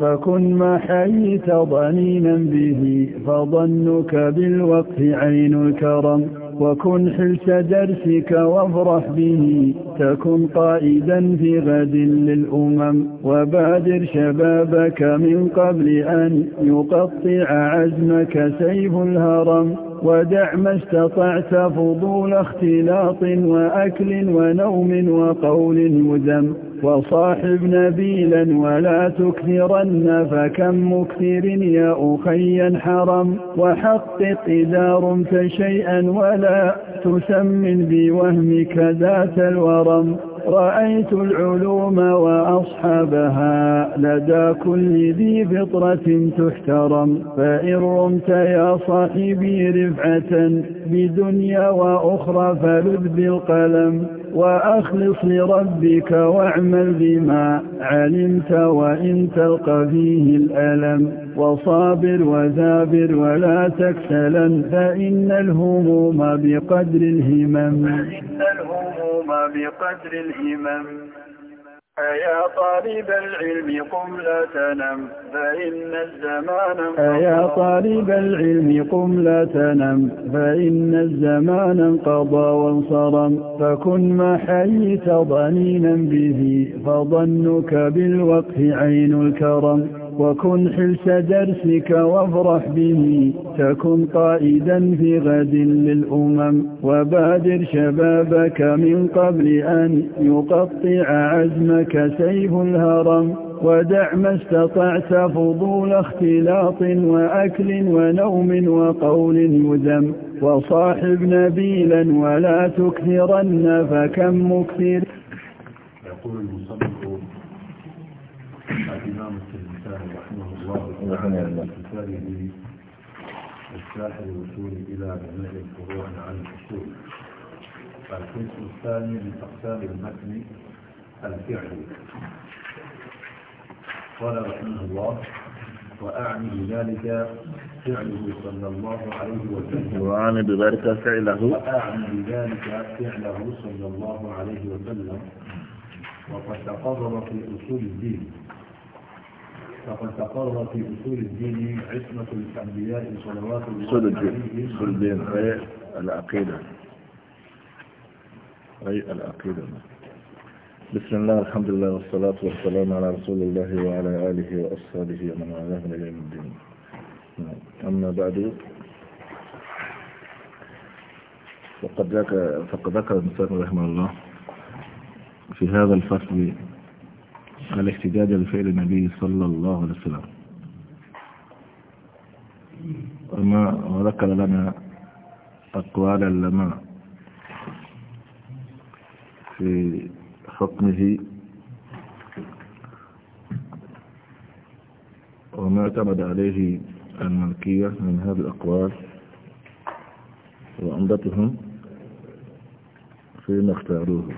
فكن ما حييت ضنينا به فظنك بالوقف عين الكرم وكن حلس درسك وافرح به تكن قائدا في غد للأمم وبادر شبابك من قبل أن يقطع عزمك سيف الهرم ودع ما استطعت فضول اختلاط وأكل ونوم وقول يذم وصاحب نبيلا ولا تكثرن فكم مكثر يا أخي حرم وحقق إذا رمت شيئا ولا تسمن بوهمك ذات الورم رأيت العلوم وأصحابها لدى كل ذي فطرة تحترم فإن رمت يا صاحبي رفعة بدنيا وأخرى فلذ بالقلم وأخلص لربك واعمل بما علمت وإن تلقى فيه الألم وصابر وذابر ولا تكسلا فإن الهموم بقدر الهمم فإن الهموم بقدر الهمم أيا طالب العلم قم لا تنم فإن الزمان انقضى أيا طالب العلم قم لا تنم فإن الزمان انقضى وانصرم فكن ما حييت ضنينا به فظنك بالوقت عين الكرم وكن حلس درسك وافرح به تكن قائدا في غد للأمم وبادر شبابك من قبل أن يقطع عزمك سيف الهرم ودع ما استطعت فضول اختلاط وأكل ونوم وقول يذم وصاحب نبيلا ولا تكثرن فكم مكثر يقول المصنف رحمه الله كتابه مفتاح الوصول إلى بناء الفروع عن الأصول القسم الثاني من أقسام المتن الفعلي قال رحمه الله وأعني بذلك فعله صلى الله عليه وسلم وأعني بذلك فعله وأعني بذلك فعله صلى الله عليه وسلم وقد تقرر في أصول الدين فقد تقر في أصول الدين عصمة الأنبياء صلوات الله عليهم أصول الدين أي العقيدة أي العقيدة بسم الله الحمد لله والصلاة والسلام على رسول الله وعلى آله وأصحابه ومن والاه إلى يوم الدين أما بعد فقد ذكر فقد ذكر المسلم رحمه الله في هذا الفصل الاحتجاج لفعل النبي صلى الله عليه وسلم وما وذكر لنا أقوال العلماء في حكمه وما اعتمد عليه الملكية من هذه الأقوال وعمدتهم فيما اختاروه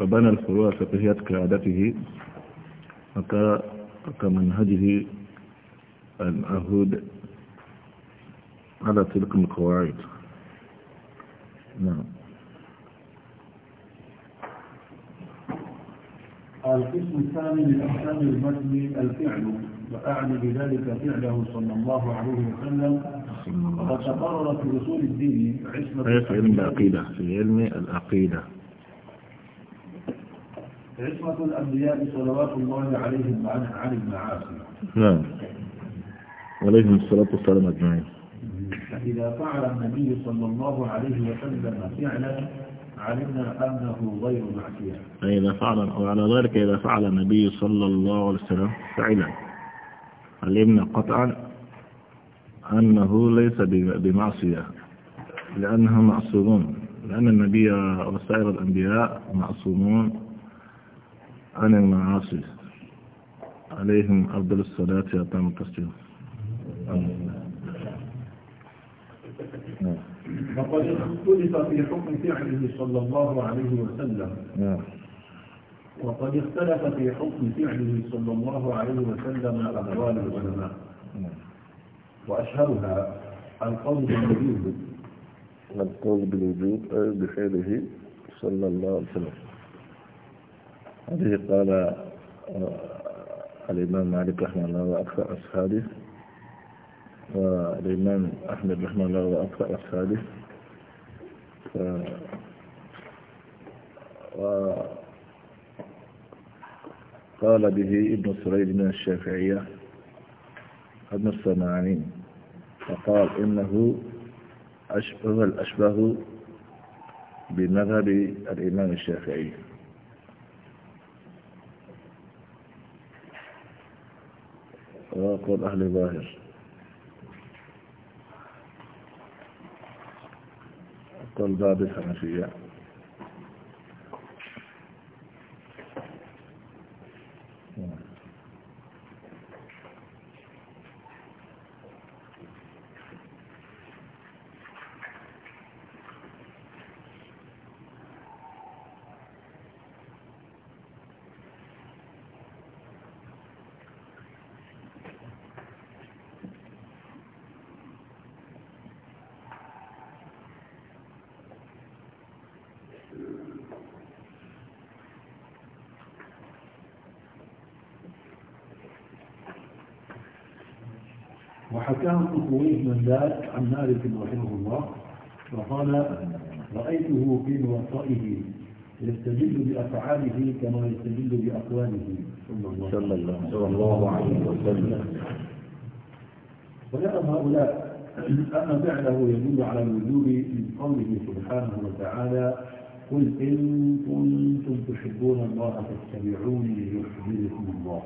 وبنى الفروع الفقهية كعادته وكمنهجه العهود على تلك القواعد نعم القسم الثاني من أحكام المجد الفعل وأعني بذلك فعله صلى الله عليه وسلم وقد تقررت في أصول الدين عصمة في علم العقيدة في علم العقيدة عصمة الأنبياء صلوات الله عليهم عن المعاصي نعم عليهم الصلاة والسلام أجمعين فإذا فعل النبي صلى الله عليه وسلم فعلا علمنا أنه غير معصية فإذا فعل وعلى ذلك إذا فعل النبي صلى الله عليه وسلم فعلا علمنا قطعا أنه ليس بمعصية لأنهم معصومون لأن النبي وسائر الأنبياء معصومون عن المعاصي عليهم أفضل الصلاة وأتم التسليم وقد اختلف في حكم فعله صلى الله عليه وسلم وقد اختلف في حكم فعله صلى الله عليه وسلم أقوال العلماء وأشهرها القول بالوجوب القول بالوجوب أي بفعله صلى الله عليه وسلم هذه قال آه، الإمام مالك رحمه الله وأكثر أصحابه والإمام أحمد رحمه الله وأكثر أصحابه ف... قال به ابن سريد من الشافعية ابن السماعي فقال إنه أشبه الأشبه بمذهب الإمام الشافعي وهو أهل ظاهر قول باب الحنفية كان الخروج من ذلك عن مالك رحمه الله فقال رأيته في موطئه يستدل بأفعاله كما يستدل بأقواله صلى الله عليه وسلم ويرى هؤلاء أن فعله يدل على الوجوب من قوله سبحانه وتعالى قل إن كنتم تحبون الله فاتبعوني يحببكم الله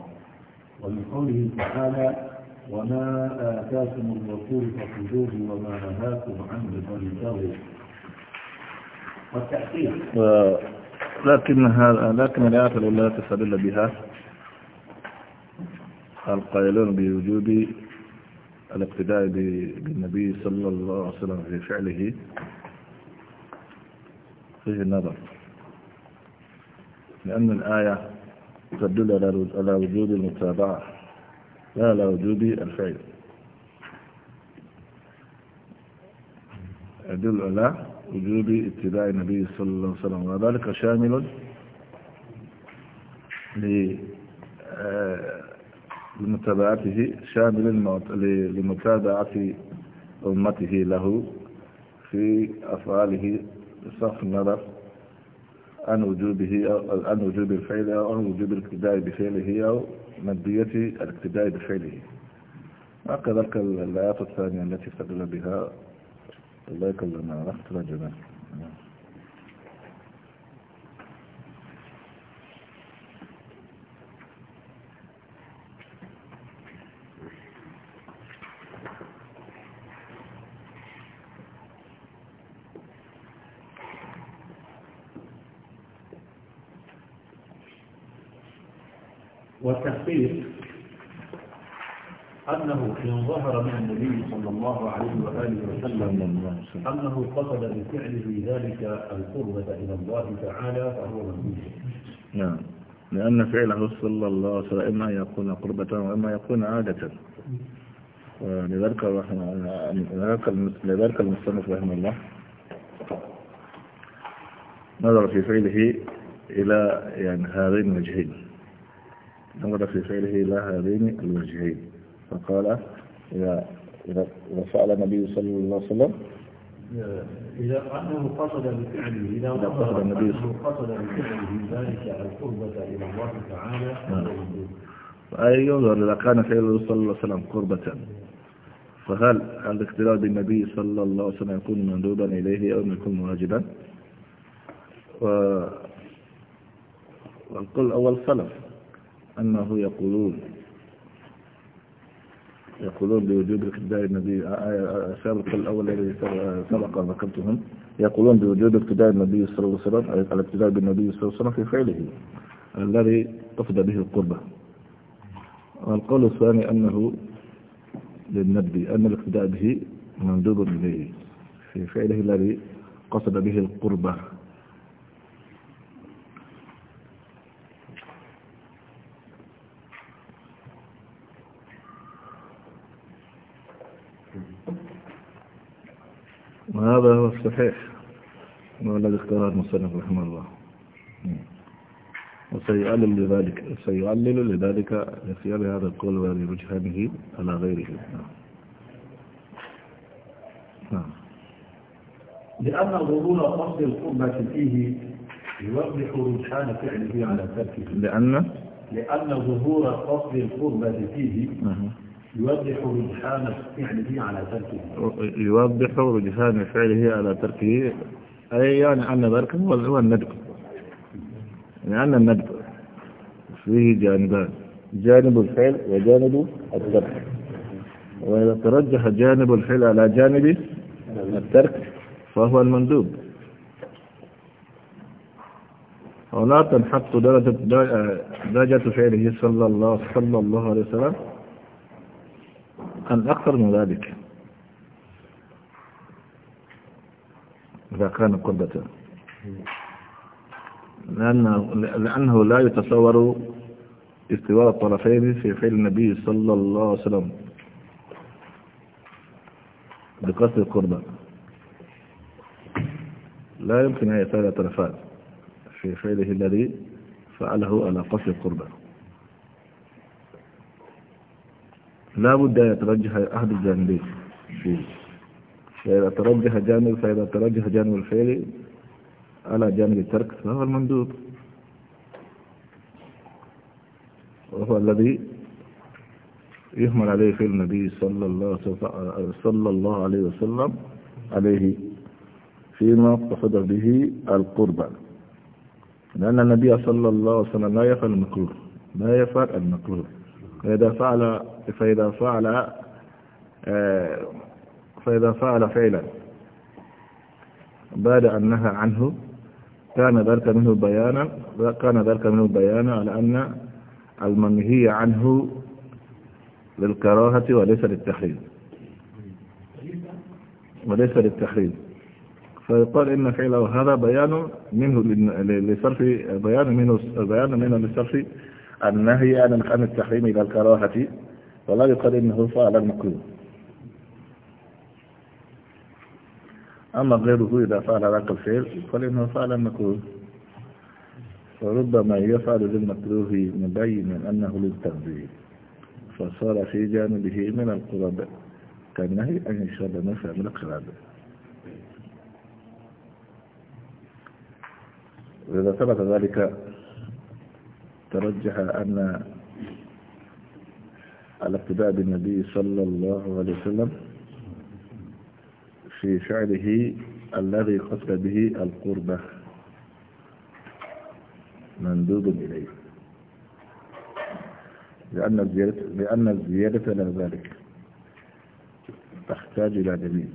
ومن قوله تعالى وما آتاكم الرسول فخذوه وما نهاكم عنه فانتهوا والتحقيق آه، لكن هذا لكن الآيات الأولى تستدل بها القائلون بوجود الاقتداء بالنبي صلى الله عليه وسلم في فعله فيه النظر لأن الآية تدل على وجود المتابعة لا لا وجود الفعل يدل على وجود ابتداء النبي صلى الله عليه وسلم وذلك شامل آه، لمتابعته شامل لمتابعة أمته له في أفعاله صف النظر عن وجوده أو عن وجود الفعل أو عن وجود الابتداء بفعله أو مادية الاقتداء بفعله وكذلك الآيات الثانية التي استدل بها الله يكلمنا رحمة الله جميعا التحقيق أنه إن ظهر من النبي صلى الله عليه وآله وسلم أنه قصد بفعله ذلك القربة إلى الله تعالى فهو ممنوع نعم لأن فعله صلى الله عليه وسلم إما يكون قربة وإما يكون عادة ولذلك لذلك المصنف رحمه الله نظر في فعله إلى يعني هذين الوجهين نظر في فعله إلى هذين الوجهين فقال إذا إذا فعل النبي صلى الله عليه وسلم إذا أنه قصد بفعله إذا قصد النبي قصد بفعله ذلك القربة إلى الله تعالى نعم. أي ينظر إذا كان فعله صلى الله عليه وسلم قربة فهل الاقتداء بالنبي صلى الله عليه وسلم يكون مندوبا إليه أو يكون واجبا؟ والقول الأول سلف أنه يقولون يقولون بوجود اقتداء النبي السابق آه، آه، آه، الأول الذي سبق ذكرتهم يقولون بوجود اقتداء النبي صلى الله عليه وسلم الاقتداء بالنبي صلى الله عليه وسلم في فعله الذي قصد به القربة والقول الثاني أنه للنبي أن الاقتداء به مندوب إليه في فعله الذي قصد به القربة وهذا هو الصحيح هو الذي اختاره المصنف رحمه الله وسيعلل لذلك سيعلل لذلك لخيار هذا القول ولرجحانه على غيره نعم, نعم. لأن ظهور قصد القربة فيه يوضح رجحان فعله على تركه لأن لأن ظهور قصد القربة فيه يوضح رجحان فعله على تركه يوضح رجحان فعله على تركه أي يعني أن ذلك هو الندب يعني أن الندب فيه جانبان جانب الفعل وجانب الترك وإذا ترجح جانب الفعل على جانب الترك فهو المندوب ولا تنحط درجة, درجة فعله صلى الله, صلى الله عليه وسلم عن أكثر من ذلك إذا كان قربة لأنه, لأنه لا يتصور استواء الطرفين في فعل النبي صلى الله عليه وسلم بقصد القربة لا يمكن أن يتالى طرفان في فعله الذي فعله على قصد القربة لا بد أن يترجح أحد الجانبين فيه فإذا ترجح جانب فإذا ترجح جانب الفعل على جانب الترك فهو المندوب وهو الذي يهمل عليه في النبي صلى الله صلى الله عليه وسلم عليه فيما اقتصد به القربة لأن النبي صلى الله عليه وسلم لا يفعل المكروه لا يفعل المكروه فإذا فعل فإذا فعل آه، فإذا فعل فعلا بعد أن نهى عنه كان ذلك منه بيانا كان ذلك منه بيانا على أن المنهي عنه للكراهة وليس للتحريم وليس للتحريم فيقال إن فعله هذا بيان منه لصرف بيان منه بيان منه لصرف النهي عن التحريم إلى الكراهة ولا يقال إنه فعل المكروه أما غيره إذا فعل ذاك الفعل يقال إنه فعل المكروه فربما يفعل للمكروه مبين أنه للتنزيه فصار في جانبه من القرب كالنهي أن يشرب نفع من القرب وإذا ثبت ذلك ترجح أن الاقتداء بالنبي صلى الله عليه وسلم في فعله الذي قصد به القربة مندوب إليه لأن الزيادة, لأن الزيادة على ذلك تحتاج إلى دليل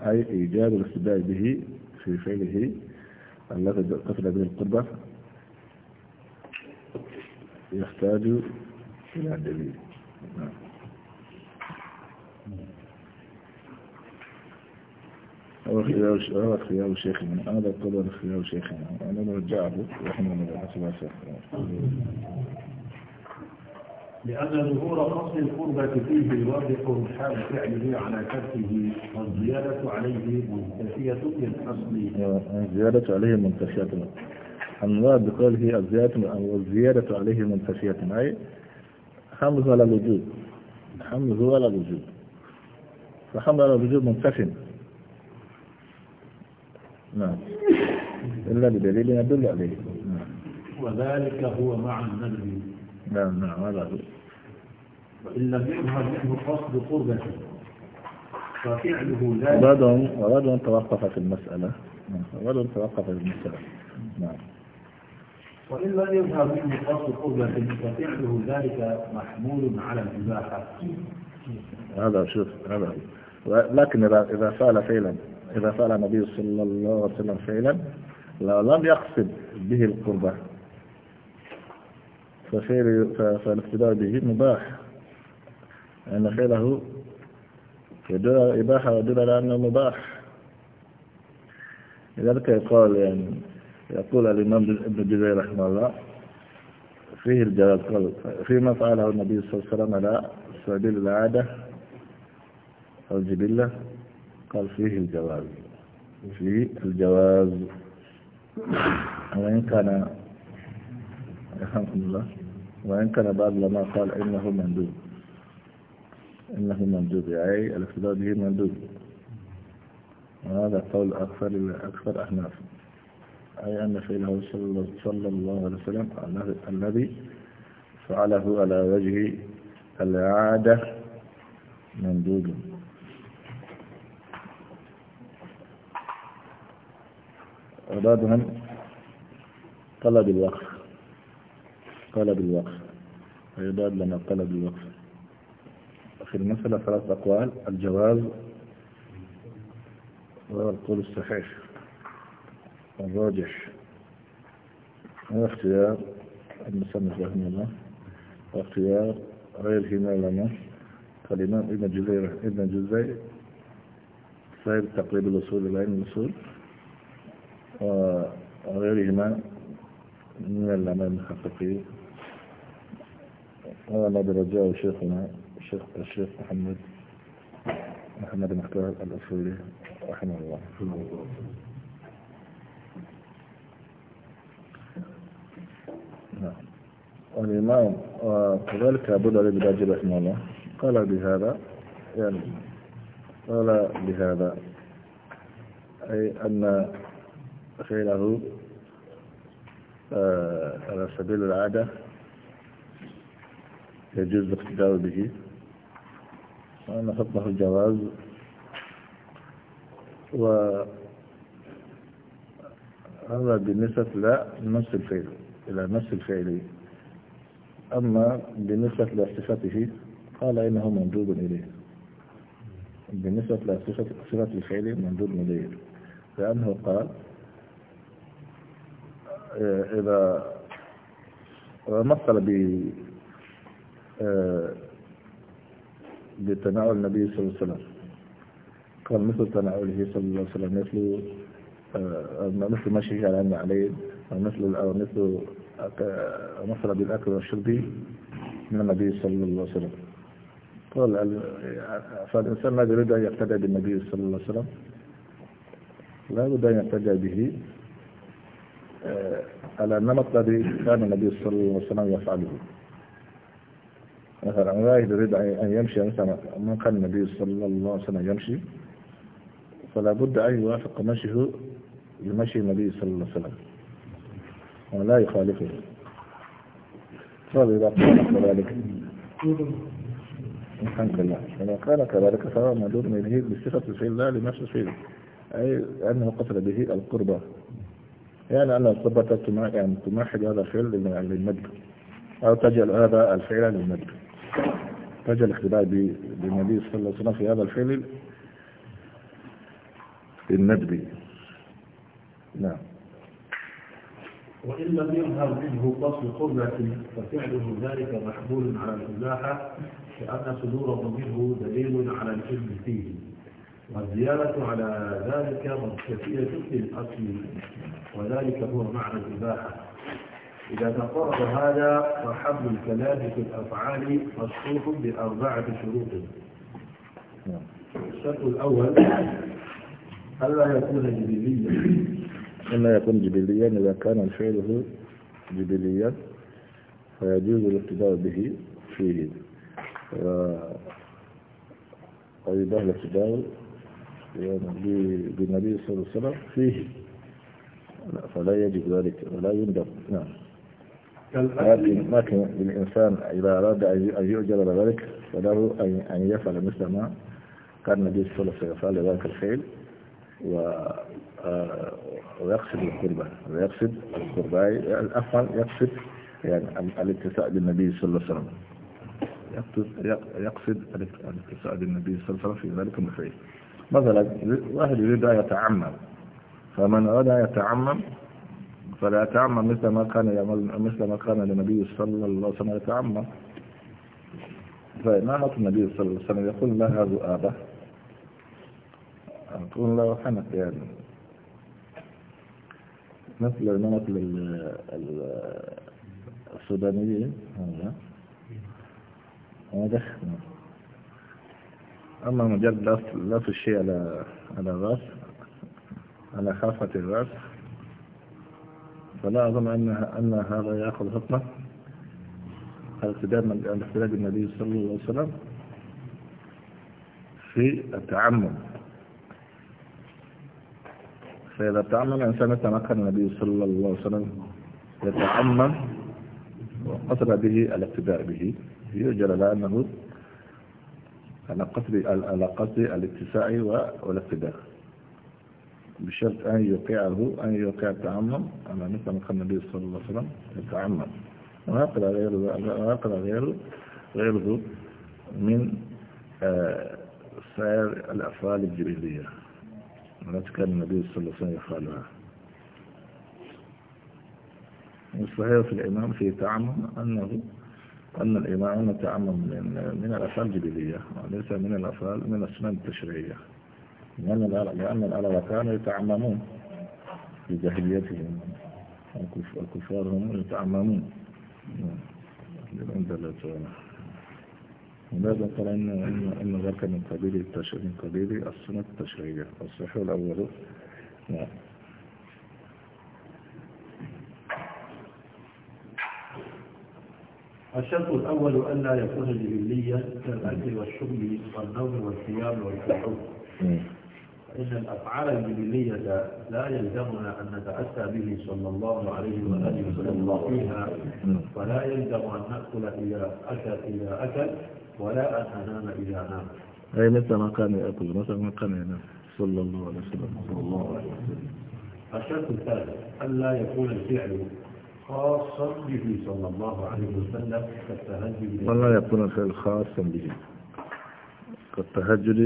أي إيجاد الاقتداء به في فعله الذي قصد به القربة يحتاج إلى دليل نعم خيار الشيخ خيار شيخنا هذا قدر خيار شيخنا أنا نرجعه ونحن من سبحانه لأن ظهور فصل القربة فيه يوافق حال فعله على كفه والزيادة عليه منتفية الأصل آه، الزيادة عليه منتفية المراد بقوله الزيادة والزيادة عليه من خشية أي حمز على الوجود حمز على الوجود فحمز على الوجود منتفن نعم إلا بدليل يدل عليه نعم. وذلك هو مع النبي نعم نعم هذا هو وإن لم يظهر منه قصد قربته ففعله ذلك أراد أن توقف في المسألة أن توقف في المسألة نعم وإن لم يظهر منه قصد قبلة ففعله ذلك محمول على الإباحة هذا شوف هذا لكن إذا إذا فعل فعلا إذا فعل النبي صلى الله عليه وسلم فعلا لم يقصد به القربة فخير فالاقتداء به مباح أن خيره يدل إباحة ودل على أنه مباح لذلك يقال يعني يقول الإمام ابن جزي رحمه الله فيه الجواز قال فيما فعله النبي صلى الله عليه وسلم على سبيل العادة أو الجبلة قال فيه الجواز فيه الجواز وإن كان رحمكم الله وإن كان بعض لما قال إنه مندوب إنه مندوب أي يعني الاقتداء به مندوب وهذا قول أكثر أكثر أحناف أي أن فعله صلى الله عليه وسلم الذي فعله على وجه العادة مندوب وبعدهم طلب الوقف طلب الوقف ويضاد لنا طلب الوقف في المسألة ثلاث أقوال الجواز والقول الصحيح الراجح هو اختيار المصنف رحمه الله واختيار غيرهما لنا فالإمام ابن جزي ابن جزي صاحب تقريب الأصول إلى علم الأصول وغيرهما من العلماء المحققين ولقد برجعه شيخنا الشيخ الشيخ محمد محمد المختار الأصولي رحمه الله والإمام وكذلك آه، أبو العلي الباجي رحمه الله قال بهذا يعني قال بهذا أي أن خيله آه، على سبيل العادة يجوز الاقتداء به وأن حكمه الجواز و هذا بالنسبة لنفس الفعل إلى نفس الفعل أما بالنسبة لصفته قال إنه مندوب إليه بالنسبة لصفة الفعل مندوب إليه لأنه قال آه، إذا مثل ب آه، بتناول النبي صلى الله عليه وسلم قال مثل تناوله صلى الله عليه وسلم مثل آه، مثل مشيه على النعلين مثل أو مثل مثل بالأكل والشرب من النبي صلى الله عليه وسلم قال فالإنسان لا يريد أن يقتدى بالنبي صلى الله عليه وسلم لا يريد أن يقتدى به آه، على النمط الذي كان النبي صلى الله عليه وسلم يفعله مثلا لا يريد أن يمشي مثلا من كان النبي صلى الله عليه وسلم يمشي فلا بد أن يوافق مشيه لمشي النبي صلى الله عليه وسلم ولا يخالفه فإذا كان كذلك الحمد لله كذلك فإذا كان كذلك فهو مدور منه بصفة الفعل لا لنفس الفعل أي أنه قتل به القربة يعني أن القربة يعني تمحج هذا الفعل للمد أو تجعل هذا الفعل للمد تجعل الاختباء بالنبي صلى الله عليه وسلم في هذا الفعل للندب نعم وإن لم يظهر منه قصد قربة ففعله ذلك محمول على الإباحة لأن صدوره منه دليل على الإذن فيه والزيادة على ذلك مرتفية في الأصل وذلك هو معنى الإباحة إذا تقرب هذا فحمل الكلام في الأفعال مصروف بأربعة شروط الشرط الأول ألا يكون جديديا إما يكون جبليا إذا كان الفعل جبليا فيجوز الاقتداء به فيه ويباه الاقتداء بالنبي صلى الله عليه وسلم فيه لا فلا يجب ذلك ولا يندب نعم لكن لكن الإنسان إذا أراد أن يؤجر على ذلك فله أن يفعل مثل ما كان النبي صلى الله عليه وسلم يفعل ذلك الفعل آه، ويقصد القربة ويقصد القربة الأفعل يقصد يعني الاتساء للنبي صلى الله عليه وسلم يقصد الاتساء للنبي صلى الله عليه وسلم في ذلك الفعل مثلا واحد يريد أن يتعمم فمن أراد أن يتعمم فلا يتعمم مثل ما كان مثل ما كان النبي صلى الله عليه وسلم يتعمم فإمامة النبي صلى الله عليه وسلم يقول لا هذا آبه أقول له حنك يعني نفس المناطق السودانيين واضح أما مجرد لف الشيء على على الرأس على خافة الرأس فلا أظن أن أن هذا يأخذ حكمة الاقتداء الاقتداء النبي صلى الله عليه وسلم في التعمم فإذا تعمم إنسان يتمكن النبي صلى الله عليه وسلم يتعمم وقصر به الاقتداء به يؤجر على أنه على قصر على قصر الاتساع والاقتداء بشرط أن يوقعه أن يوقع التعمم أما مثل ما قال النبي صلى الله عليه وسلم يتعمم وهكذا غيره وهكذا غيره غيره من آه، سائر الأفعال الجبلية التي كان النبي صلى الله عليه وسلم يفعلها وصحيح في الإمام في تعمم أنه أن الإمام تعمم من من الأفعال الجبلية وليس من الأفعال من السنن التشريعية لأن الألوة كانوا يتعممون في جاهليتهم الكفار هم يتعممون عند الله تعالى وماذا قال إن إن ذاك من قبيل التشريع من قبيل السنة التشريعية الصحيح الأول نعم الشرط الأول أن لا يكون الجبلية كالأكل والشرب والنوم والصيام والكحول فإن الأفعال الجبلية لا يلزمنا أن نتأتى به صلى الله عليه وآله وسلم فيها ولا يلزم أن نأكل إذا أكل إذا أكل ولا أنام إذا نام أي متى ما كان يأكل متى ما كان ينام صلى الله عليه وسلم صلى الله عليه وسلم الشرط الثالث ألا يكون الفعل خاصا به صلى الله عليه وسلم كالتهجد لا يكون الفعل خاصا به كالتهجد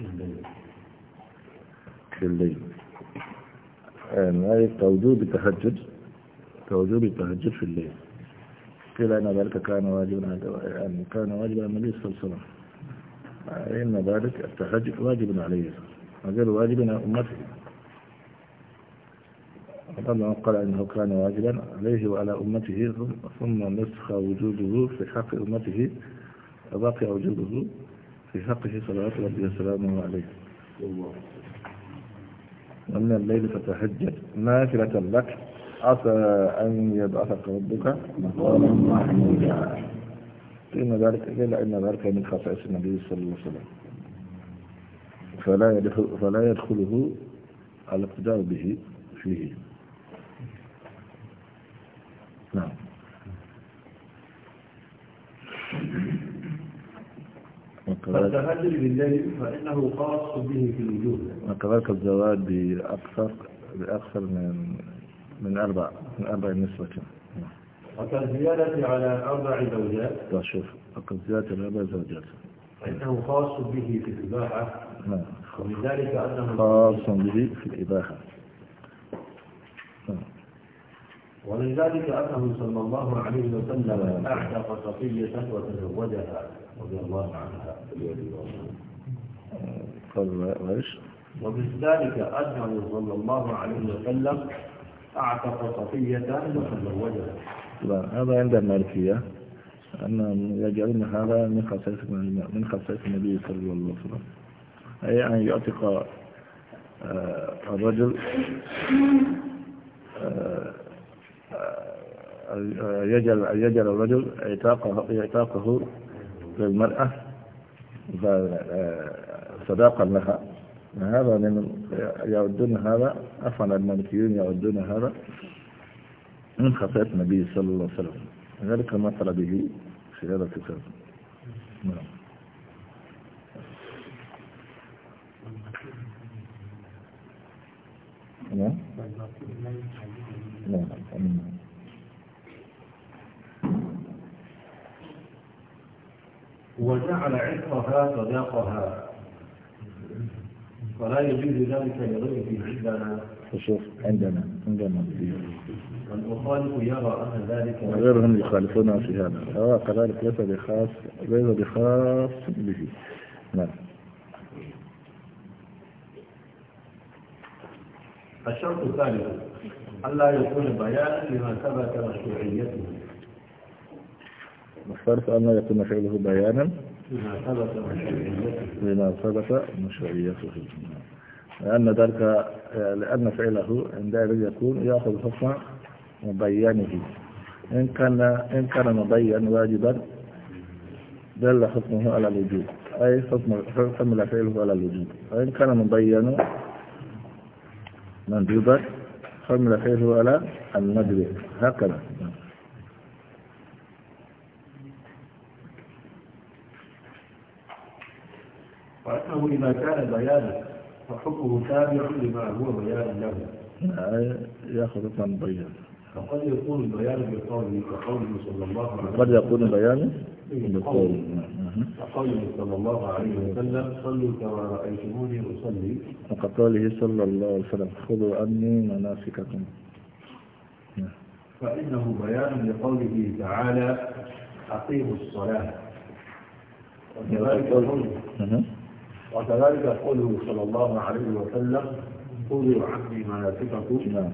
يعني في الليل يعني توجوب التهجد توجوب التهجد في الليل قيل أن ذلك كان واجبا يعني كان واجبا على النبي صلى الله عليه وسلم إن ذلك التهجد واجب عليه قال واجب على أمته ربما قال أنه كان واجبا عليه وعلى أمته ثم نسخ وجوده في حق أمته وبقي وجوده في حقه صلوات ربي وسلامه عليه ومن الليل فتهجد نافلة لك عسى أن يبعثك ربك مقاما محمودا إن ذلك إلا إن ذلك من خصائص النبي صلى الله عليه وسلم فلا يدخل فلا يدخله الاقتداء به فيه نعم فالتهجر بالليل فإنه خاص به في الوجود وكذلك الزواج بأكثر بأكثر من من أربع من أربع نسبة وكالزيادة على أربع زوجات لا شوف الزيادة على أربع زوجات إنه خاص به في الإباحة نعم ولذلك أنه خاص به في الإباحة نعم. ولذلك أنه صلى الله عليه وسلم أعتق صفية وتزوجها رضي الله عنها قال ايش؟ وبذلك أنه صلى الله عليه وسلم أعتق صفية لا هذا عند المالكية أن يجعلون هذا من خصائص من خصائص النبي صلى الله عليه وسلم أي أن يعتق آه، الرجل آه، آه، يجعل يجعل الرجل اعتاقه اعتاقه للمرأة صداقا لها هذا من يعدون هذا عفوا المالكيون يعدون هذا من خطأة النبي صلى الله عليه وسلم ذلك ما طلب به في هذا الكتاب نعم نعم نعم وجعل عطرها صداقها ولا يجوز ذلك لغيره عندنا شوف عندنا عندنا والمخالف يرى أن ذلك وغيرهم يخالفون في هذا هو كذلك ليس بخاص ليس بخاص به نعم الشرط الثالث ألا يكون بيانا لما ثبت مشروعيته الشرط أن لا يكون فعله بيانا إذا ثبت مشروعيته لأن ذلك لأن فعله عندئذ يكون يأخذ حكم مبينه إن كان إن كان مبين واجبا دل حكمه على الوجوب أي حكم فعله على الوجوب وإن كان مبين مندوبا حمل فعله على الندب هكذا لما كان بيانا فحكمه تابع لما هو بيان له يأخذ من بيان فقد يكون البيان بقوله كقوله صلى الله عليه وسلم قد يكون البيان إيه، بقوله كقوله صلى الله عليه وسلم صلوا كما رأيتموني أصلي وكقوله صلى الله عليه وسلم خذوا عني مناسككم فإنه بيان لقوله تعالى أقيموا الصلاة وكذلك قوله وكذلك قوله صلى الله عليه وسلم خذوا عني مناسككم نعم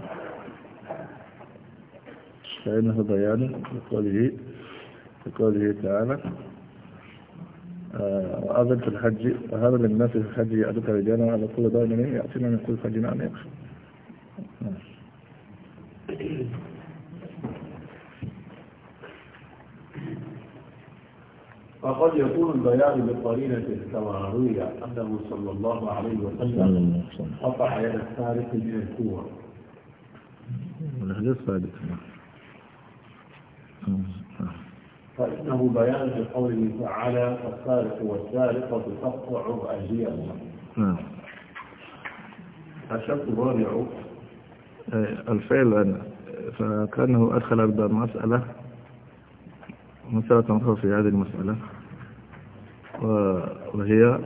فإنه بيان لقوله لقوله تعالى آه، وأذن في الحج وهذا للناس في الحج يأتوك رجالا على كل دائما يأتينا من كل حج نعم يقصد فقد يكون البيان بالقرينة كما أنه صلى الله عليه وسلم قطع يد السارق من الكوع. فإنه بيان بقوله تعالى السارق والسارقة تقطع أجيالهم نعم. الشرط الرابع الفعل أنا فكأنه أدخل المسألة مسألة في هذه المسألة وهي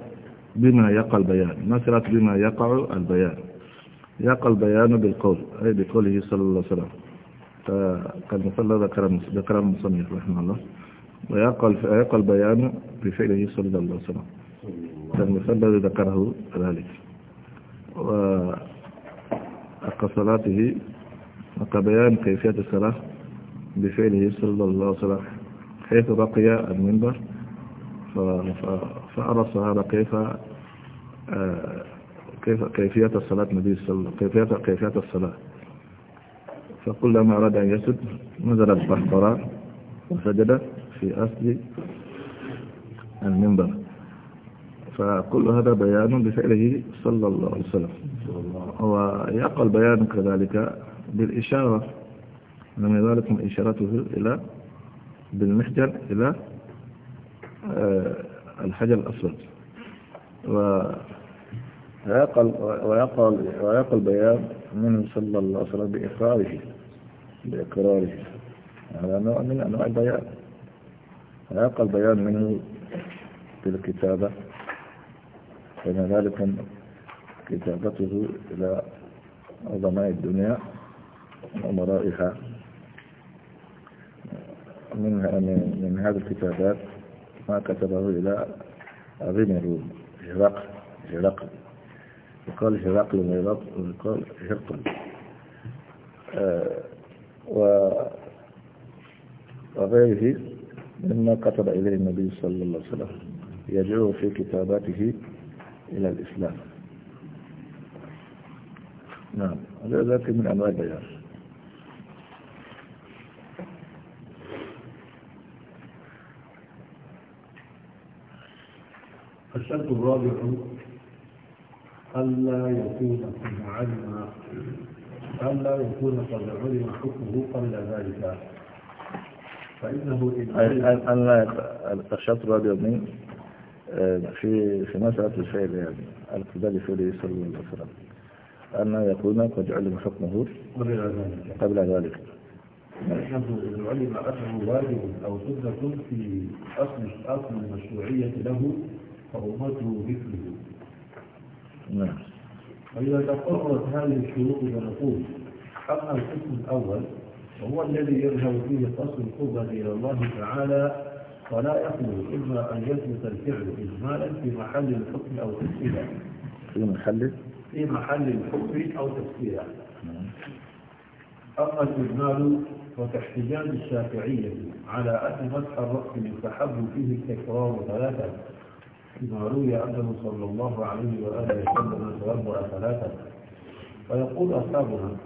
بما يقع البيان مثلت بما يقع البيان يقع البيان بالقول أي بقوله صلى الله عليه وسلم كالمثلى ذكر المصنف رحمه الله ويقع البيان بفعله صلى الله عليه وسلم كالمثلى ذكره ذلك وكصلاته وكبيان كيفية الصلاة بفعله صلى الله عليه وسلم حيث بقي المنبر فأرى الصحابة كيف آه، كيف كيفية الصلاة النبي صلى الله عليه وسلم كيفية كيفية الصلاة فكلما أراد أن يسجد نزل البحثراء وسجد في أصل المنبر فكل هذا بيان بفعله صلى الله عليه وسلم ويقع البيان كذلك بالإشارة من ذلك إشارته إلى بالمحجر إلى آه، الحجر الأسود ويقل, ويقل, ويقل بياض منه صلى الله عليه وسلم بإقراره بإقراره هذا نوع من أنواع البيان ويقل بياض منه بالكتابة فإن ذلك كتابته إلى عظماء الدنيا وأمرائها من من هذه الكتابات ما كتبه إلى ابن روم هرقل هرقل يقال هرقل ويقال هرقل آه، و وغيره مما كتب إليه النبي صلى الله عليه وسلم يدعو في كتاباته إلى الإسلام نعم هذا من أنواع البيان الشرط الرابع ألا يكون قد علم ألا يكون قد علم حكمه قبل ذلك فإنه ألا الشرط الرابع من آه، في في مسألة الفعل يعني القبال في صلى الله عليه وسلم أن يكون قد علم حكمه قبل ذلك فإنه إن علم أنه واجب أو سنة في أصل أصل المشروعية له فأمته مثله نعم فإذا تقررت هذه الشروط فنقول أما القسم الأول وهو الذي يذهب فيه قصد القربة إلى الله تعالى فلا يخلو إما أن يثبت الفعل إجمالا في محل الحكم أو تفصيلا في محل في محل الحكم أو تفصيلا نعم. أما الإجمال وكاحتجاج الشافعية على أن مسح الرأس يستحب فيه التكرار ثلاثة روي أنه صلى الله عليه وآله وسلم توضع ثلاثة فيقول أصحابنا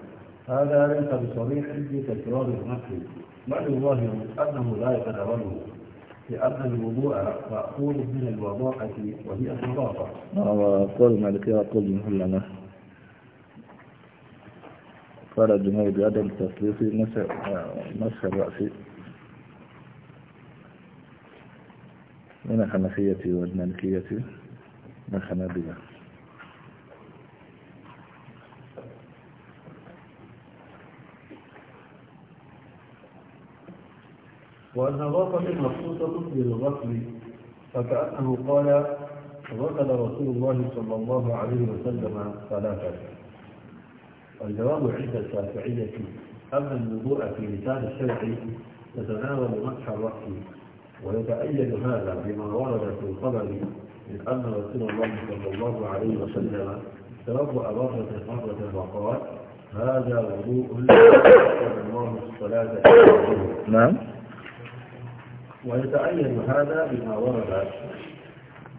هذا ليس بصريح تكرار المكر بل الظاهر أنه لا يتناوله لأن الوضوء مأخوذ من الوضاعة وهي النظافة. نعم، قول يا قول جمهور العلماء. قال الجمهور بعدم تسليط مسح الرأس من الحنفية والمالكية والحنابلة والنظافة المخصوصة للغسل فكأنه قال غسل رسول الله صلى الله عليه وسلم ثلاثة الجواب عند الشافعية أن الوضوء في لسان الشرع تتناول مسح الرأس ويتأيد هذا بما ورد في الخبر من أن رسول الله صلى الله عليه وسلم توضأ مرة مرة وقال هذا وضوء الله الصلاة نعم ويتأيد هذا بما ورد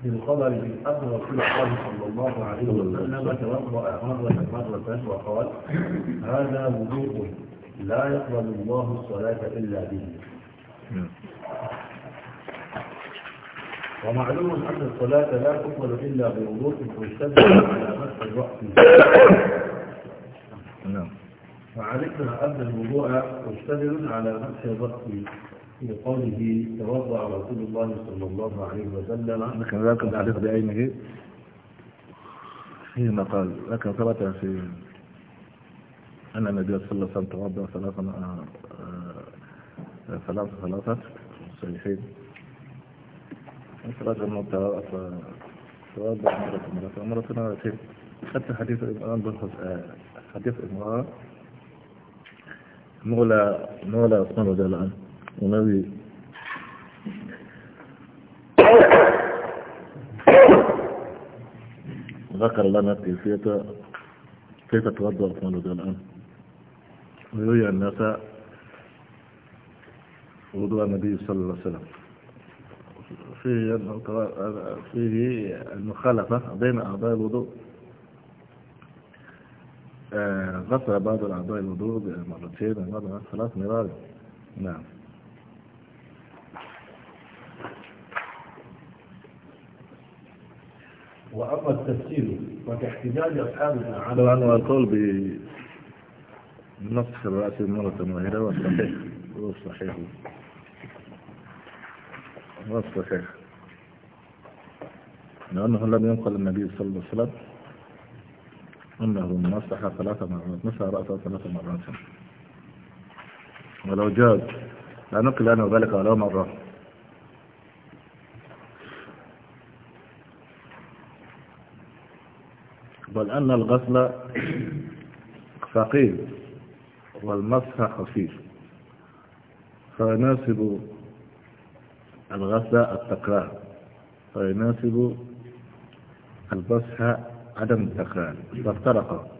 في الخبر من أن رسول الله صلى الله عليه وسلم توضأ مرة مرة وقال هذا وضوء لا يقبل الله الصلاة إلا به نعم. ومعلوم أن الصلاة لا تقبل إلا بوضوء ويستدل على مسح الرأس نعم فعرفنا أن الوضوء مشتمل على مسح الرأس في قوله توضأ رسول الله صلى الله عليه وسلم لكن ذاك الحديث بعينه فيه قال لكن ثبت في أن النبي صلى الله عليه وسلم توضأ ثلاثة آه، آه، ثلاثة ثلاثة صحيحين أنت رجل متواضع تواضع مرة مرة مرة مرتين خدت حديث الآن بلحظ آه، حديث امرأة مولى مولى عثمان رضي الله عنه ونبي ذكر لنا كيفية كيف توضأ عثمان رضي الله عنه ويري الناس وضوء النبي صلى الله عليه وسلم فيه فيه المخالفة بين أعضاء الوضوء آه، غسل بعض الأعضاء الوضوء مرتين مرة ثلاث مرات نعم وأما التفسير فكاحتجاج أصحابنا على طبعا القول بنص الرأس مرة واحدة والصحيح والصحيح والصحيح لأنه لم ينقل النبي صلى الله عليه وسلم أنه مسح ثلاث مرات مسح رأسه ثلاث مرات ولو جاز لا نقل عنه ذلك ولا مرة بل أن الغسل ثقيل والمسح خفيف فيناسب الغسل التكرار فيناسب البصحة عدم التكرار فافترقا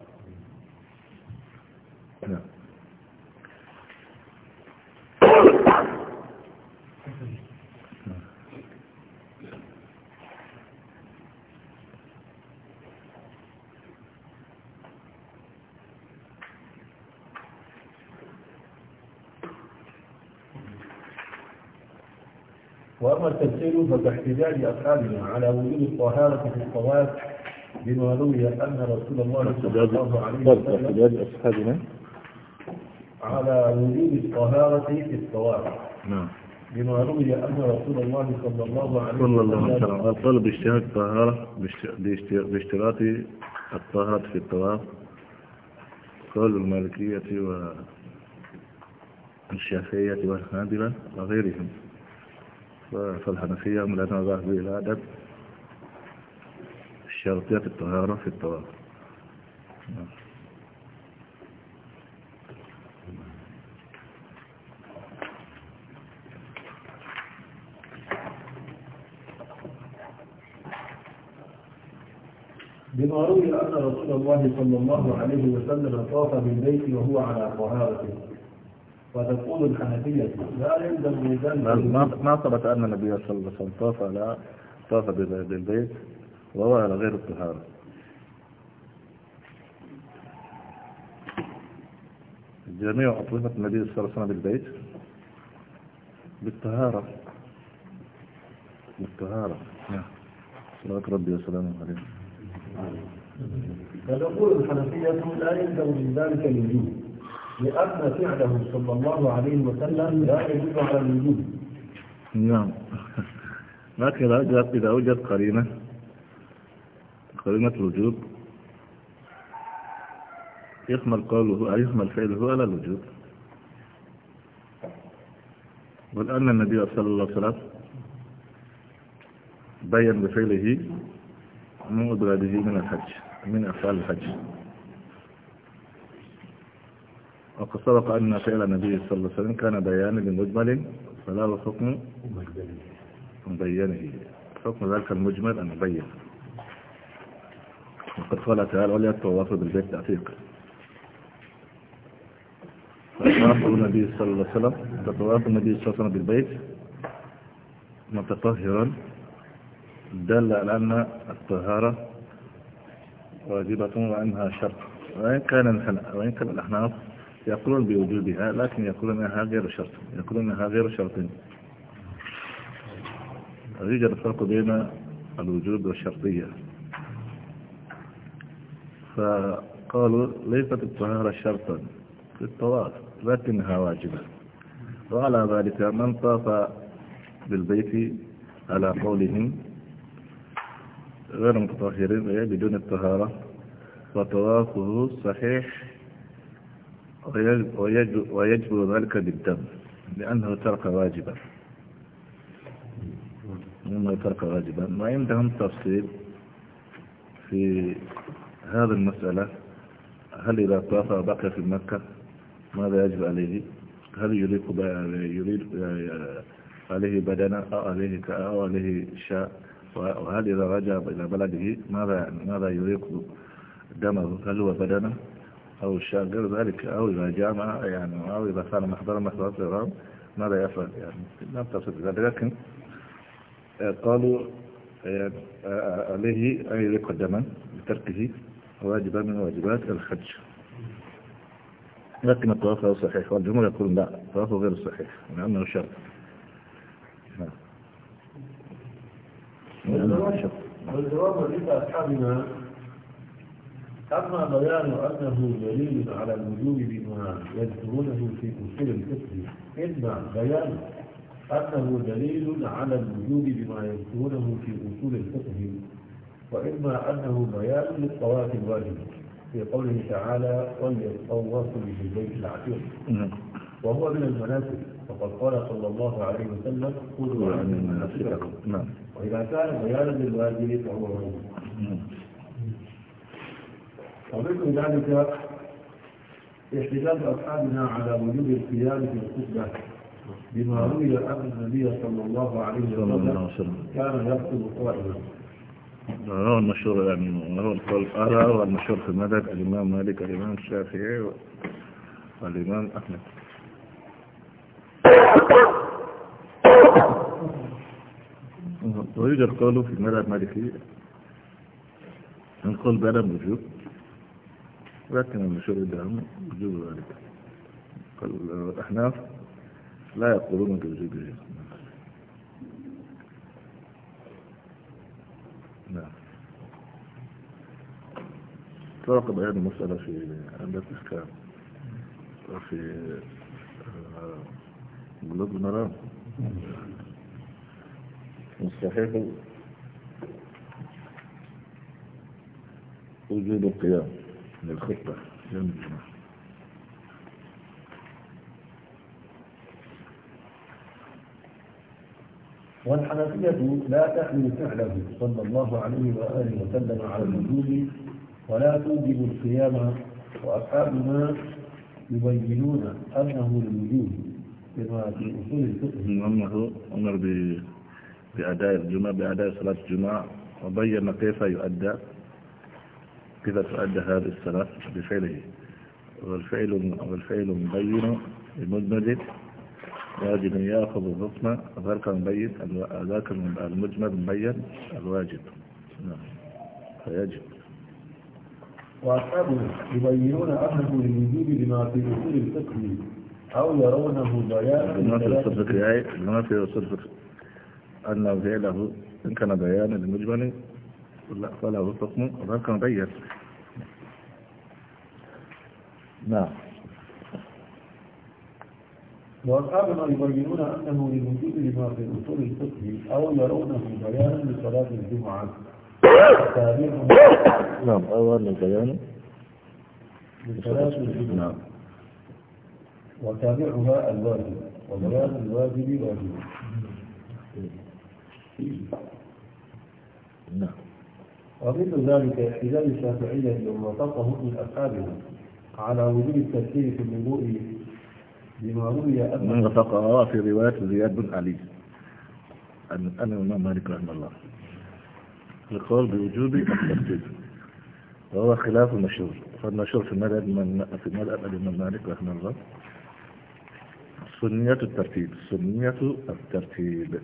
يؤثر فباحتجاج أصحابنا على وجود الطهارة في الصواب بما روي أن رسول الله صلى الله عليه وسلم أصحابنا على وجود الطهارة في الصواب نعم بما روي أن رسول الله صلى الله عليه وسلم صلى الله عليه وسلم قال باشتراك الطهارة باشتراط الطهارة في الطواف قول المالكية والشافعية والحنابلة وغيرهم فالحنفية ملأنا إلى بالأدب الشرطية في الطهارة في الطواف بما روي أن رسول الله صلى الله عليه وسلم طاف بالبيت وهو على طهارته وتقول الحنفية لا يلزم بذنب ما ثبت أن النبي صلى الله عليه وسلم طاف على طاف بالبيت وهو على غير الطهارة جميع أطوفة النبي صلى الله عليه وسلم بالبيت بالطهارة بالطهارة نعم. صلاة ربي وسلامه عليه فنقول الحنفية لا يلزم من ذلك الوجوب لأن فعله صلى الله عليه وسلم لا يدل على الوجود نعم لكن إذا وجد قرينة قرينة الوجود يحمل قوله يحمل فعله على الوجود والآن النبي صلى الله عليه وسلم بين بفعله مو من الحج من أفعال الحج وقد سبق أن فعل النبي صلى الله عليه وسلم كان بيانا لمجمل فلا حكم مبينه حكم ذلك المجمل أن يبين وقد قال تعالى ولي الطواف بالبيت العتيق فطواف النبي صلى الله عليه وسلم تطواف النبي صلى الله عليه وسلم بالبيت متطهرا دل على أن الطهارة واجبة وأنها شرط وإن كان وإن كان الأحناف يقولون بوجودها لكن يقولون أنها غير شرط يقولون أنها غير شرط يوجد الفرق بين الوجود والشرطية فقالوا ليست الطهارة شرطا في الطواف لكنها واجبة وعلى ذلك من طاف بالبيت على قولهم غير متطهرين بدون الطهارة فطوافه صحيح ويجب ذلك بالدم لأنه ترك واجبا لأنه ترك واجبا وعندهم تفصيل في هذه المسألة هل إذا طاف بقي في مكة ماذا يجب عليه هل يريد يريد عليه بدنا أو عليه أو عليه شاء وهل إذا رجع إلى بلده ماذا ماذا يريق دمه هل هو بدنه أو الشان ذلك أو إذا جامع يعني أو إذا كان محضرا محضرات الغرب ماذا يفعل يعني لم تصل ذلك لكن آه، قالوا آه، آه، عليه أن يلقى دما بتركه واجبا من واجبات الحج لكن الطواف غير صحيح والجمهور يقول لا الطواف غير صحيح لأنه شرط لأنه نعم. شرط نعم. والجواب أصحابنا أما بيان أنه دليل على الوجوب بما يذكرونه في أصول الفقه إما بيان أنه دليل على الوجوب بما يذكرونه في أصول الفقه وإما أنه بيان للطواف الواجب في قوله تعالى وليتطوف بالبيت العتيق نعم. وهو من المناسك فقد قال صلى الله عليه وسلم خذوا عن مناسككم نعم. وإذا كان بيانا للواجب فهو موجود نعم. ومن ذلك احتجاج أصحابنا على وجود القيام في الخطبة بما روي أن النبي صلى الله عليه وسلم كان يخطب قائما هو المشهور يعني هو القول أرى آه، والمشهور في المذهب الإمام مالك الإمام الشافعي والإمام أحمد ويوجد قوله في المذهب المالكي القول بلا موجود لكن المشير يدعم وجوب ذلك الأحناف لا يقولون ذلك نعم طرق بعيد المسألة في عند الإحكام وفي بلاد آه، المرام مستحيل وجود القيام من الخطبة يوم الجمعة والحنفية لا تحمل فعله صلى الله عليه وآله وسلم على الوجود ولا توجب القيامة وأصحابنا يبينون أنه الوجود كما في أصول الفقه أمر أمر بأداء الجمعة بأداء صلاة الجمعة وبين كيف يؤدى كذا تؤدى هذه الثلاث بفعله والفعل والفعل مبين المجمد واجب يأخذ الحكم ذلك مبين ذاك المجمد مبين الواجب نعم فيجب وأصحابه يبينون أنه للوجوب لما في أصول الفقه أو يرونه بيانا لما في أصول الفقه أي لما في أصول الفقه أن فعله إن كان بيانا لمجمل فله حكم ذلك مبين نعم والأغنى يبينون أنه لوجود لما في أصول الفقه أو يرونه بيانا لصلاة الجمعة نعم أو يرونه بيانا لصلاة الجمعة نعم وتابعها الواجب وبيان الواجب واجب نعم ومثل ذلك احتجاج الشافعية لما تقه من أصحابها على وجود التفسير في الوضوء بما روي أن من فقهاء في رواية زياد بن علي أن أن الإمام مالك رحمه الله القول بوجوب التفسير وهو خلاف المشهور فالمشهور في المذهب من في المذهب الإمام مالك رحمه الله سنية الترتيب سنية الترتيب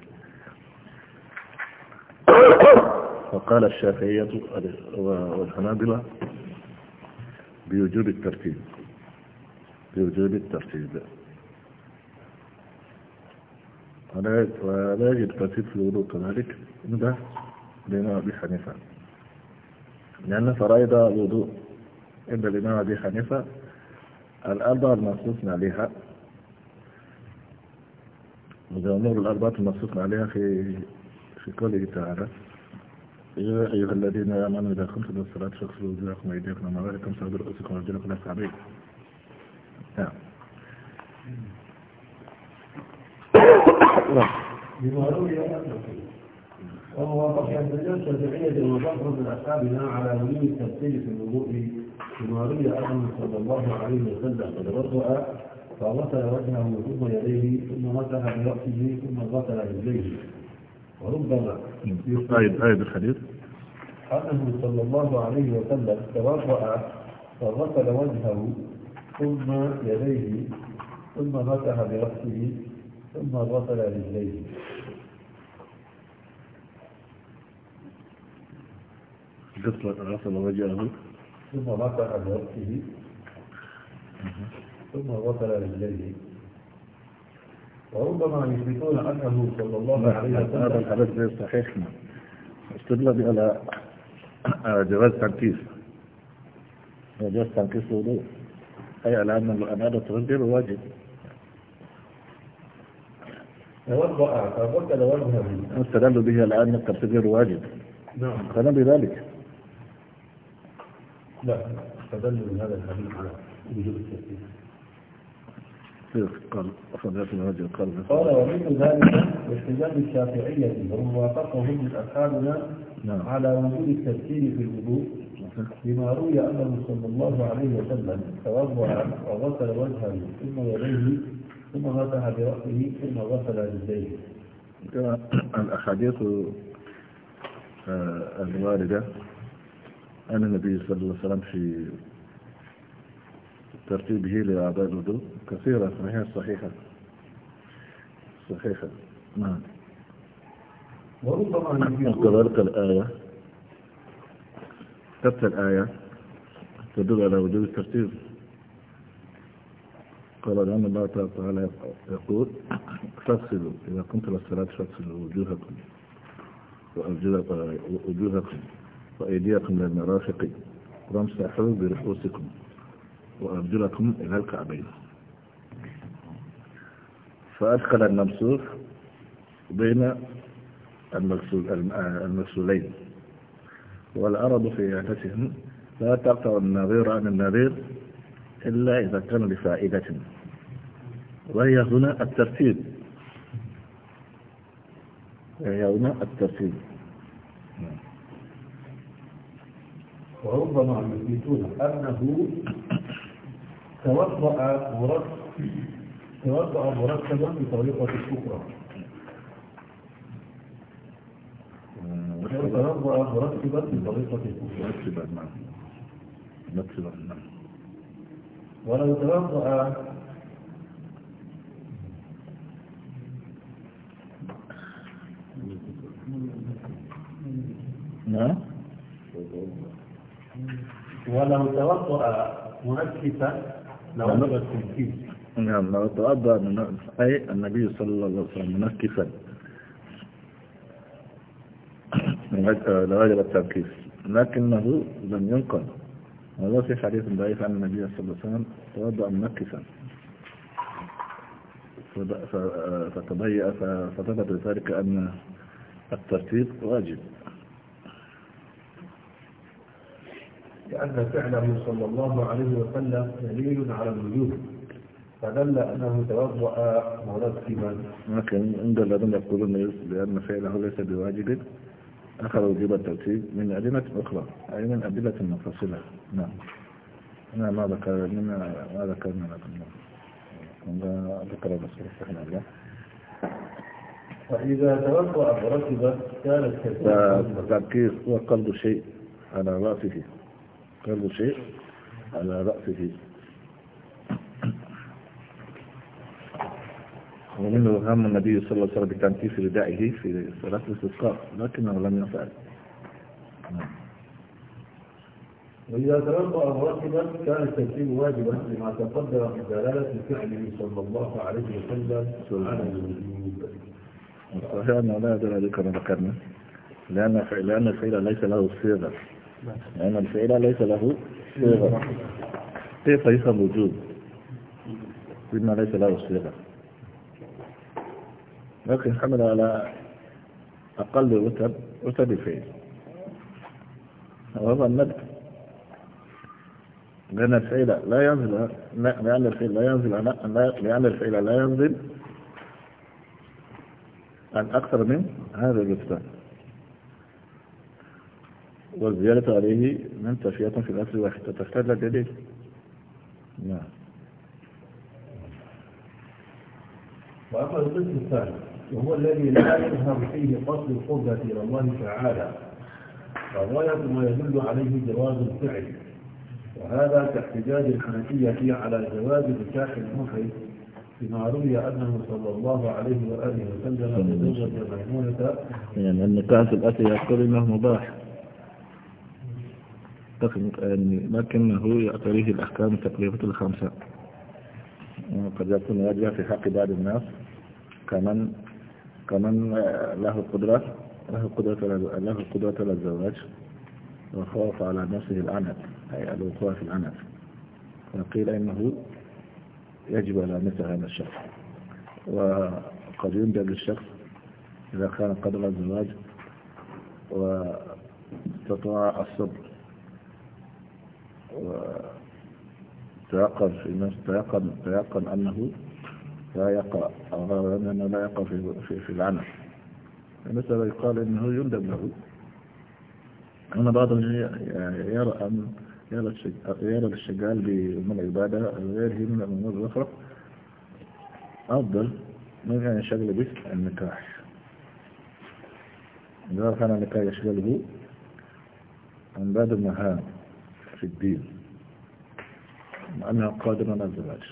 وقال الشافعية والحنابلة بوجوب الترتيب بوجوب الترتيب ولا يجب ترتيب في الوضوء كذلك عند الإمام أبي حنيفة لأن فرائض الوضوء عند الإمام أبي حنيفة الأربعة المنصوص عليها وذي أمور الأربعة المنصوص عليها في في قوله تعالى يا أيها الذين آمنوا إذا قمتم إلى الصلاة فاغسلوا وجوهكم وأيديكم ومواهبكم صلوا رؤوسكم وأرجلكم إلى الكعبين. نعم. بما روي وهو قد تجسد عيد وبحر من أصحابنا على وجوب التبديل في الوضوء بما روي أنه صلى الله عليه وسلم قد وضأ فغسل وجهه ثم يديه ثم مسح برأسه ثم غسل رجليه وربما آية آية الحديث أنه صلى الله عليه وسلم توضأ فغسل وجهه ثم يديه ثم مسح برأسه ثم غسل رجليه غسل وجهه ثم مسح برأسه ثم غسل رجليه وربما يثبتون أنه صلى الله عليه وسلم هذا الحديث غير صحيح استدل على جواز تنكيس جواز تنكيس الوضوء أي على أن الأمانة تغير واجب توضأ فغسل وجهه استدل به على أن الترتيب غير واجب نعم استدل بذلك لا استدل بهذا الحديث على وجوب الترتيب قال وصدقت القلب قال ذلك التزام الشافعية وموافقهم أصحابنا نعم. على وجود التفكير في الوضوء بما روي أنه صلى الله عليه وسلم توضأ وغسل وجهه ثم يديه ثم مسح برأسه ثم غسل يديه. الأحاديث آه، الواردة عن النبي صلى الله عليه وسلم في ترتيبه لأعداد الوضوء كثيرة ما هي صحيحة صحيحة نعم وربما نعم. كذلك الآية كتبت الآية تدل على وجود الترتيب قال لأن الله تعالى يقول فاغسلوا إذا كنت للصلاة فاغسلوا وجوهكم وأرجلكم وأيديكم للمرافق وامسحوا برؤوسكم وأبدلكم إلى الكعبين فأدخل الممسوح بين المسؤولين والعرب في عادتهم لا تقطع النظير عن النظير إلا إذا كان لفائدة وهي هنا الترتيب وهي هنا الترتيب وربما يثبتون أنه توضأ مركب توضأ مركبا بطريقة أخرى توضأ مركبا بطريقة أخرى مركبا نعم نعم ولو توضأ نعم ولو توضأ مركبا نعم. نعم لو تؤدى أي النبي صلى الله عليه وسلم منكفا لواجب التركيز لكنه لم ينقل وهذا في حديث ضعيف عن النبي صلى الله عليه وسلم توضأ منكسا فتبين فثبت بذلك أن الترتيب واجب لأن فعله صلى الله عليه وسلم دليل على الوجوب فدل أنه توضأ مرتبا لكن عند الذين يقولون بأن فعله ليس بواجب أخذ وجوب الترتيب من أدلة أخرى أي من أدلة منفصلة نعم أنا ما ذكر لنا ما ذكرنا لكم ذكر الرسول صلى الله عليه فإذا توضأ مرتبا كانت تركيز وقلب شيء على رأسه كل شيء على رأسه ومنه هم النبي صلى الله عليه وسلم بتنفيذ ردائه في صلاة الاستسقاء لكنه لم يفعل نعم. وإذا تلقى أو كان التسليم واجبا لما تقدر من دلالة فعله صلى الله عليه وسلم على المسلمين الصحيح أنه لا يدل كما ذكرنا لأن لأن الفعل ليس له صيغة لأن الفعل ليس له صيغة كيف يفهم وجود قلنا ليس له صيغة لكن حمل على أقل رتب رتب الفعل وهذا الندب لأن الفعل لا ينزل لأن الفعل لا ينزل لأن الفعل لا ينزل عن أكثر من هذا الرتب والزيادة عليه من منتفية في الأكل الواحد تحتاج للدليل نعم وأما القسم الثاني وهو الذي لا يظهر فيه قصد القربة إلى الله تعالى فغاية ما يدل عليه جواز الفعل وهذا كاحتجاج الحنفية على جواز نكاح المحرم فيما روي أنه صلى الله عليه وآله وسلم تزوج ميمونة يعني النكاح في الأتي كلمة مباح يعني لكنه يعتريه الأحكام التقريبة الخمسة قد يكون واجبا في حق بعض الناس كمن كمن له قدرة له قدرة له قدرة على الزواج وخاف على نفسه العنف أي الوقوع في العنف وقيل إنه يجب على مثل هذا الشخص وقد يندب للشخص إذا كان قدر الزواج واستطاع الصبر وتيقن في الناس تيقن تيقن أنه لا يقع أنه لا يقع في في, في العنف يعني مثلا يقال أنه يندب له أن بعضهم يرى أن يرى الشجال من العبادة غيره من الأمور الأخرى أفضل من أن يشغل به النكاح إذا كان النكاح يشغله عن بعد النهار في الدين أنا قادر على الزواج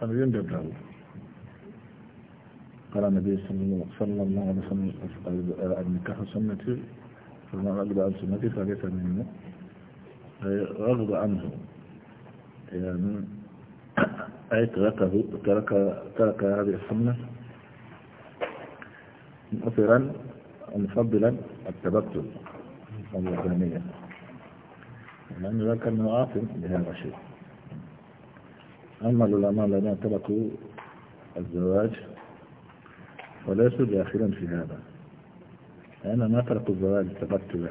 قالوا يندب له قال النبي صلى الله عليه وسلم النكاح سنتي فما رغب عن سنتي فليس منه رغب عنه يعني أي تركه ترك ترك هذه السنة مؤثرا مفضلا التبتل الوثنية لأن ذلك آثم لهذا الشيء أما العلماء الذين تركوا الزواج فليسوا داخلا في هذا لأن ما تركوا الزواج تبتلا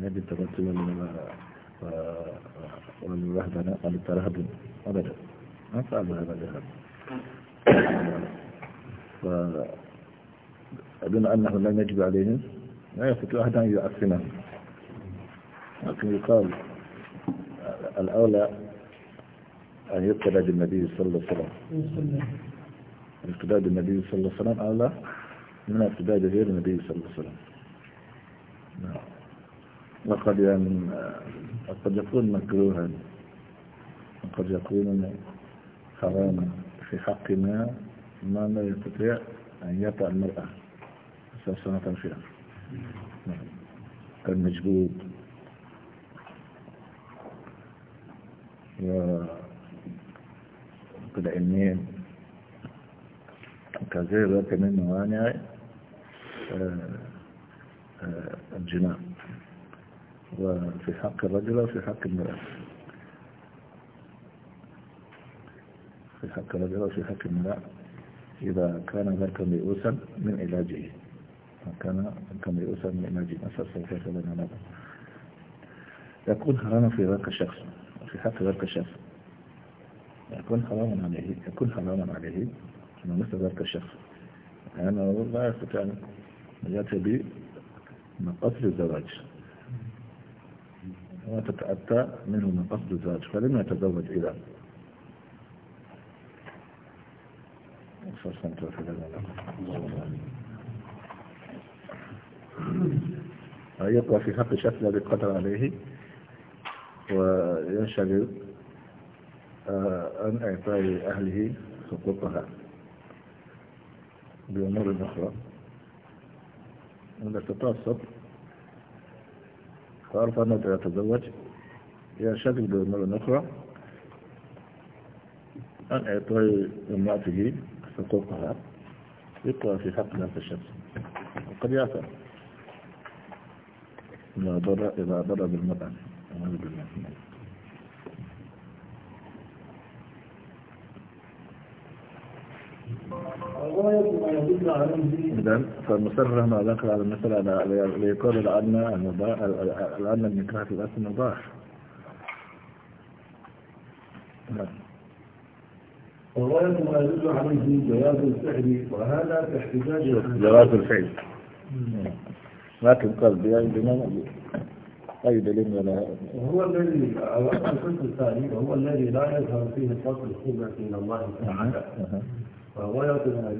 نبي تبتلا والرهبنة ترهب أبدا ما فعلوا هذا الذهب فبما أنه لم يجب عليهم لا يستطيع أحد أن يعصمهم لكن يقال الأولى أن يقتدى بالنبي صلى الله عليه وسلم الاقتداء بالنبي صلى الله عليه وسلم أولى من الاقتداء بغير النبي صلى الله عليه وسلم نعم وقد يعني قد يكون مكروها وقد يكون حراما في حقنا ما لا يستطيع أن يطع المرأة سنة فيها نعم كالمجبوب وكده علميا كذلك من موانع الجماع وفي حق الرجل وفي حق المرأة في حق الرجل وفي حق المرأة إذا كان ذلك ميؤوسا من علاجه كان ذلك ميؤوسا من علاجه نسأل الله يكون حراما في ذلك الشخص في حق ذلك الشخص يكون حراما عليه يكون حراما عليه أن مثل ذلك الشخص لأنه لا يستطيع أن يأتي بمقصد الزواج وتتأتى منه من قصد الزواج فلم يتزوج إذا أن يقوى في حق الشخص الذي قدر عليه وينشغل آه، عن إعطاء أهله حقوقها بأمور أخرى عند استطاع الصبر فعرف أنه يتزوج ينشغل بأمور أخرى عن إعطاء امرأته حقوقها يقع في حق ذات الشمس وقد يعثر إذا ضر إذا ضر إذا فالمسرر ما ذكر على المثل أنا ليقال لأن المباح لأن النكاح في الأصل مباح نعم. والغاية ما يدل عليه جواز الفعل وهذا في احتجاج جواز الفعل نعم. لكن قال بيان بمعنى لا يدلل ولا هو الذي الفصل الثاني هو الذي لا يظهر فيه الفصل الخبرة إلى الله تعالى فهو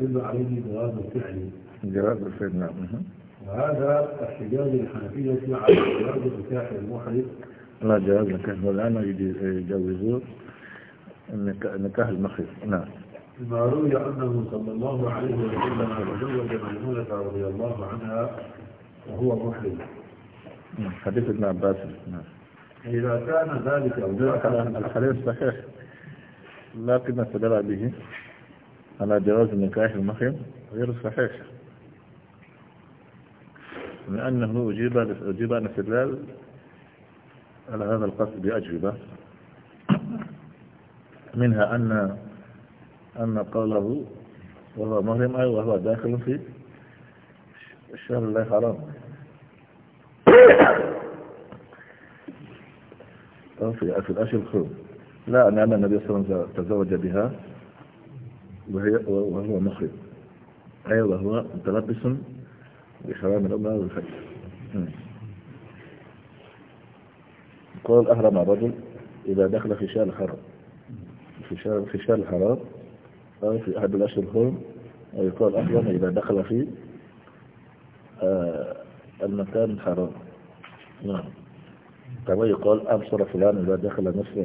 يدل عليه جواز الفعل جواز الفعل نعم وهذا احتجاج الحنفية على جواز نكاح المحرم لا جواز نكاح والآن يجوزون نكاح المحرم نعم ما روي أنه صلى الله عليه وسلم تزوج ميمونة رضي الله عنها وهو محرم نعم، حديث ابن عباس نعم. إذا كان ذلك الحديث صحيح لكن استدل به على جواز النكاح المخيم غير صحيح لأنه أجيب أجيب عن استدلال على هذا القصد بأجوبة منها أن أن قوله وهو مهرم أي وهو داخل في الشهر الله حرام في في الأشهر الخير لا أن النبي صلى الله عليه وسلم تزوج بها وهي وهو مخرج أي وهو متلبس بحرام الأمة والحج قال أهرم الرجل إذا دخل في شهر الحرام في شهر في شهر الحرام أو في أحد الأشهر الحرم يقول أهرم إذا دخل في آه المكان الحرام نعم كما يقال أبصر فلان إذا دخل مصر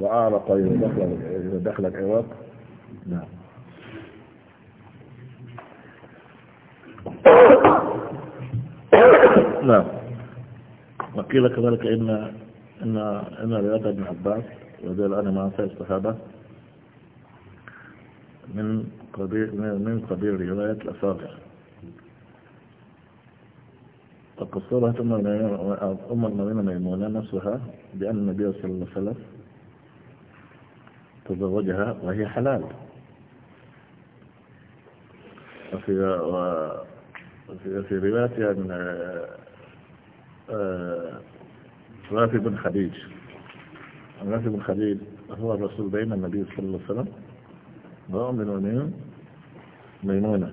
وأعرق إذا دخل إذا دخل العراق نعم نعم وقيل كذلك إن إن إن رياض بن عباس رضي الله عنه مع سائر الصحابة من قبيل من قبيل رواية الأصابع تقصر ثم أم المؤمنين ميمونة نفسها بأن النبي صلى الله عليه وسلم تزوجها وهي حلال وفي وفي في رواية عن آه، رافي بن خديج رافي بن خديج هو الرسول بين النبي صلى الله عليه وسلم وأم المؤمنين ميمونة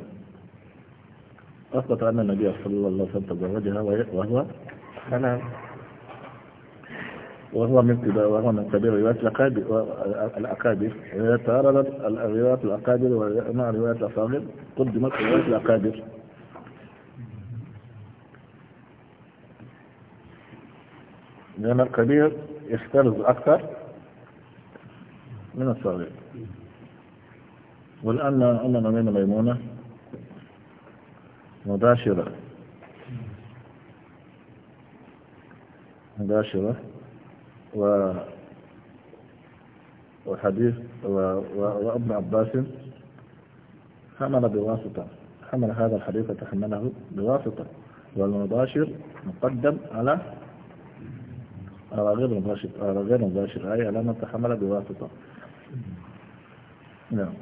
أثبت أن النبي صلى الله عليه وسلم تزوجها وهو حلال وهو من وهو من كبار رواية الأكابر إذا تعرضت رواية الأكابر مع رواية الأصاغر قدمت رواية الأكابر لأن الكبير يحترز أكثر من الصغير ولأن أمنا من ميمونة مباشرة مباشرة و وحديث و... و... وابن عباس حمل بواسطة حمل هذا الحديث تحمله بواسطة والمباشر مقدم على على غير مباشر على غير مباشر أي على من تحمل بواسطة نعم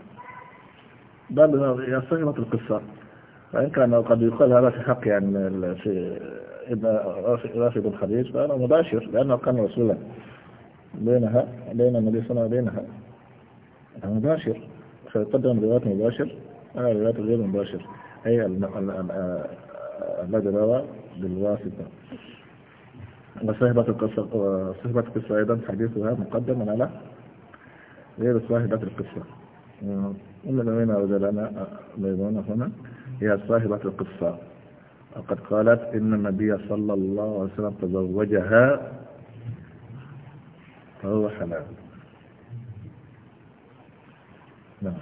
بل هي صيغة القصة فإن كان قد يقال هذا في حق يعني في راشد بن خديج فأنا مباشر لأنه كان رسول الله بينها بين النبي صلى الله عليه وسلم بينها مباشر فيقدم روايات مباشر أنا آه، روايات غير مباشر أي آه، الذي روى بالواسطة وصاحبة القصة صاحبة القصة أيضا حديثها مقدم على غير صاحبة القصة آه، إن الذين أوجدنا ميمونة هنا هي صاحبة القصة وقد قالت إن النبي صلى الله عليه وسلم تزوجها فهو حلال نعم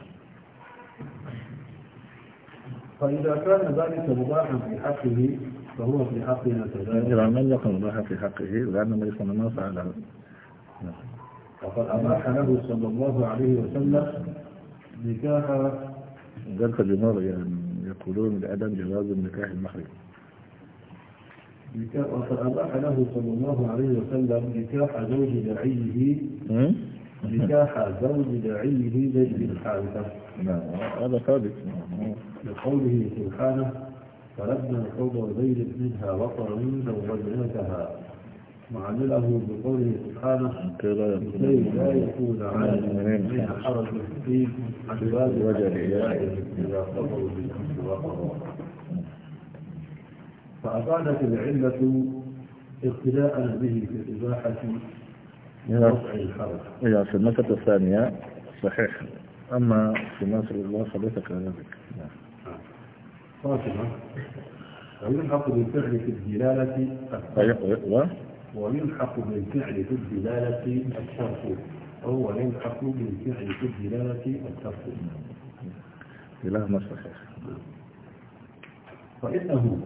فإذا كان ذلك مباحا في حقه فهو في حقه كذلك. إذا لم يكن مباحا في حقه لأن النبي صلى الله عليه وسلم فعله. نعم. وقد أباح له صلى الله عليه وسلم نكاح ذلك الجمهور يعني يقولون بعدم جواز النكاح المحرم أباح له صلى الله عليه وسلم نكاح زوج دعيه نكاح زوج دعيه زيد الحارثة نعم هذا ثابت لقوله سبحانه فلما قضى زيد منها من زوجتها وعمله بقوله سبحانه كي لا يكون على المؤمنين حرج في عباد وجهه إذا قضوا بالأمر والقضاء فأفادت العلة ابتداء به في الإباحة لرفع الحرج. إذا في النقطة الثانية صحيح أما في مصر الله فليس كذلك. فاطمة ويلحق بالفعل في الدلالة أيوة، أيوة، ويلحق بالفعل في الدلالة الشرط وهو يلحق بالفعل في الدلالة الشرط. إله ما صحيح. فإنه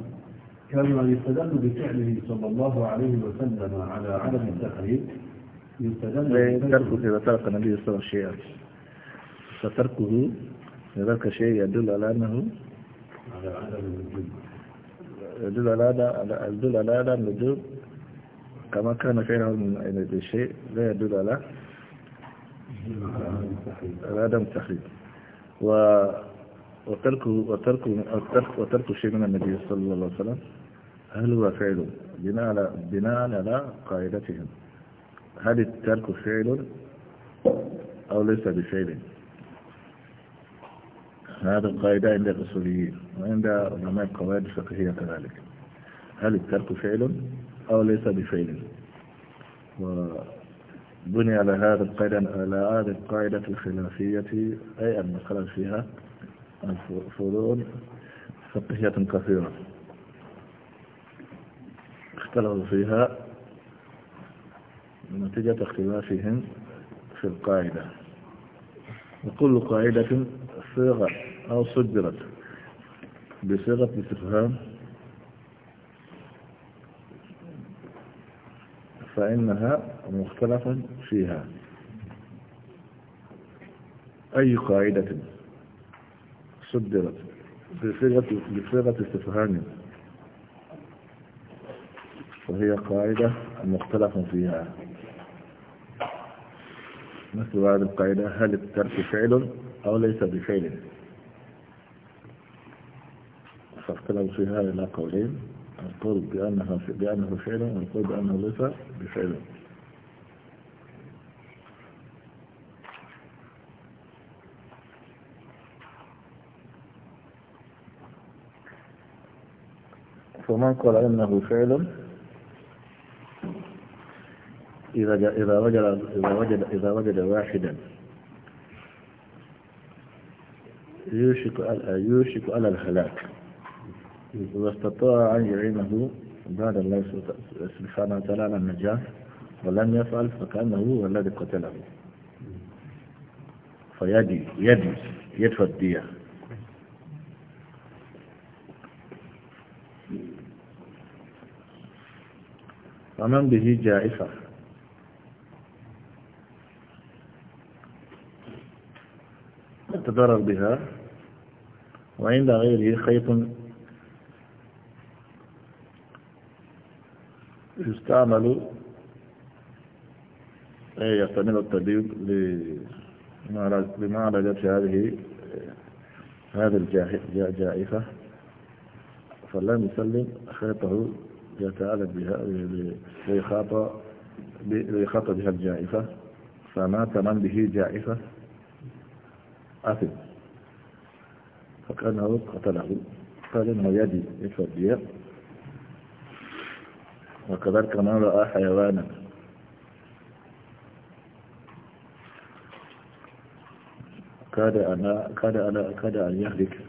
كان يستدل بفعله صلى الله عليه وسلم على عدم التحريم يستدل إيه، تركه إذا ترك النبي صلى الله عليه وسلم فتركه ذلك شيء يدل على أنه على عدم الوجود يدل على هذا يدل على هذا الوجود كما كان فعله من الشيء لا يدل على عدم التحريم و وترك وترك وترك وترك شيء من النبي صلى الله عليه وسلم هل هو فعل بناء على بناء على قاعدتهم هل الترك فعل أو ليس بفعل هذا القاعدة عند الأصوليين وعند علماء القواعد الفقهية كذلك هل الترك فعل أو ليس بفعل وبني على هذا القاعدة على هذه القاعدة الخلافية أي المسألة فيها الفروض فقهية كثيرة اختلفوا فيها نتيجة اختلافهم في القاعدة وكل قاعدة صيغة أو صدرت بصيغة استفهام فإنها مختلف فيها أي قاعدة صدرت بصيغة, بصيغة استفهام وهي قاعدة مختلف فيها مثل هذه القاعدة هل الترك فعل أو ليس بفعل فاختلفوا فيها إلى قولين القول بأنه, بأنه فعل والقول بأنه ليس بفعل فمن قال أنه فعل إذا إذا وجد إذا وجد إذا وجد واحدا يوشك يوشك على الهلاك واستطاع أن يعينه بعد الله سبحانه وتعالى على النجاة ولم يفعل فكأنه هو الذي قتله فيدي يدي يدفع الدية ومن به جائفة يتضرر بها وعند غيره خيط يستعمل يستعمل الطبيب لمعالجة هذه هذه الجائفة فلم يسلم خيطه يتألم بها ليخاط بها الجائفة فمات من به جائفة أثب فكأنه قتله قال إنه يدي يدفع وكذلك من رأى حيوانا كاد أنا كاد أنا كاد أن يهلك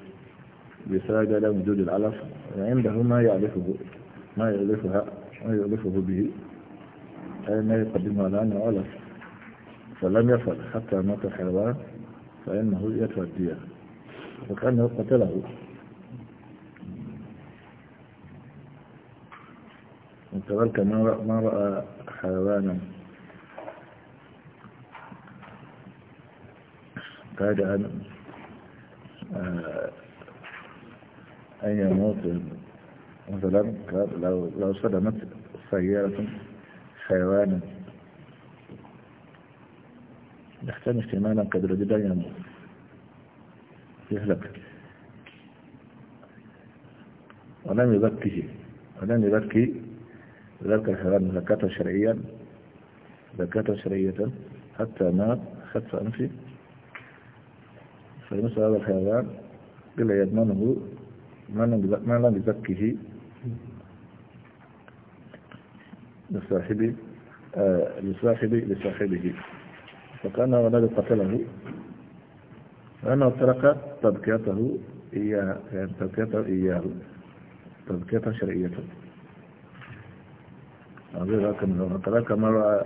بسبب لم وجود العلف وعنده ما يعرفه ما يؤلفها ما يؤلفه به أي ما يقدمها لأنه ألف فلم يفعل حتى مات الحيوان فإنه يدفع الدية وكأنه قتله وكذلك ما رأى حيوانا بعد أن آه، أن يموت مثلا لو لو صدمت سيارة حيوانا يحتمل احتمالا قدر جدا يموت يهلك ولم يذكه ولم يذكي ذلك الحيوان زكاة شرعيا زكاة شرعية حتى مات حتى أنفي فمثل هذا الحيوان إلا يضمنه ما لم يزكه لصاحبي آه، لصاحبي لصاحبه فكان ولد قتله فأنا ترك تذكيته إياه يعني تذكيته إياه تذكيته شرعية غير كما ترك مرة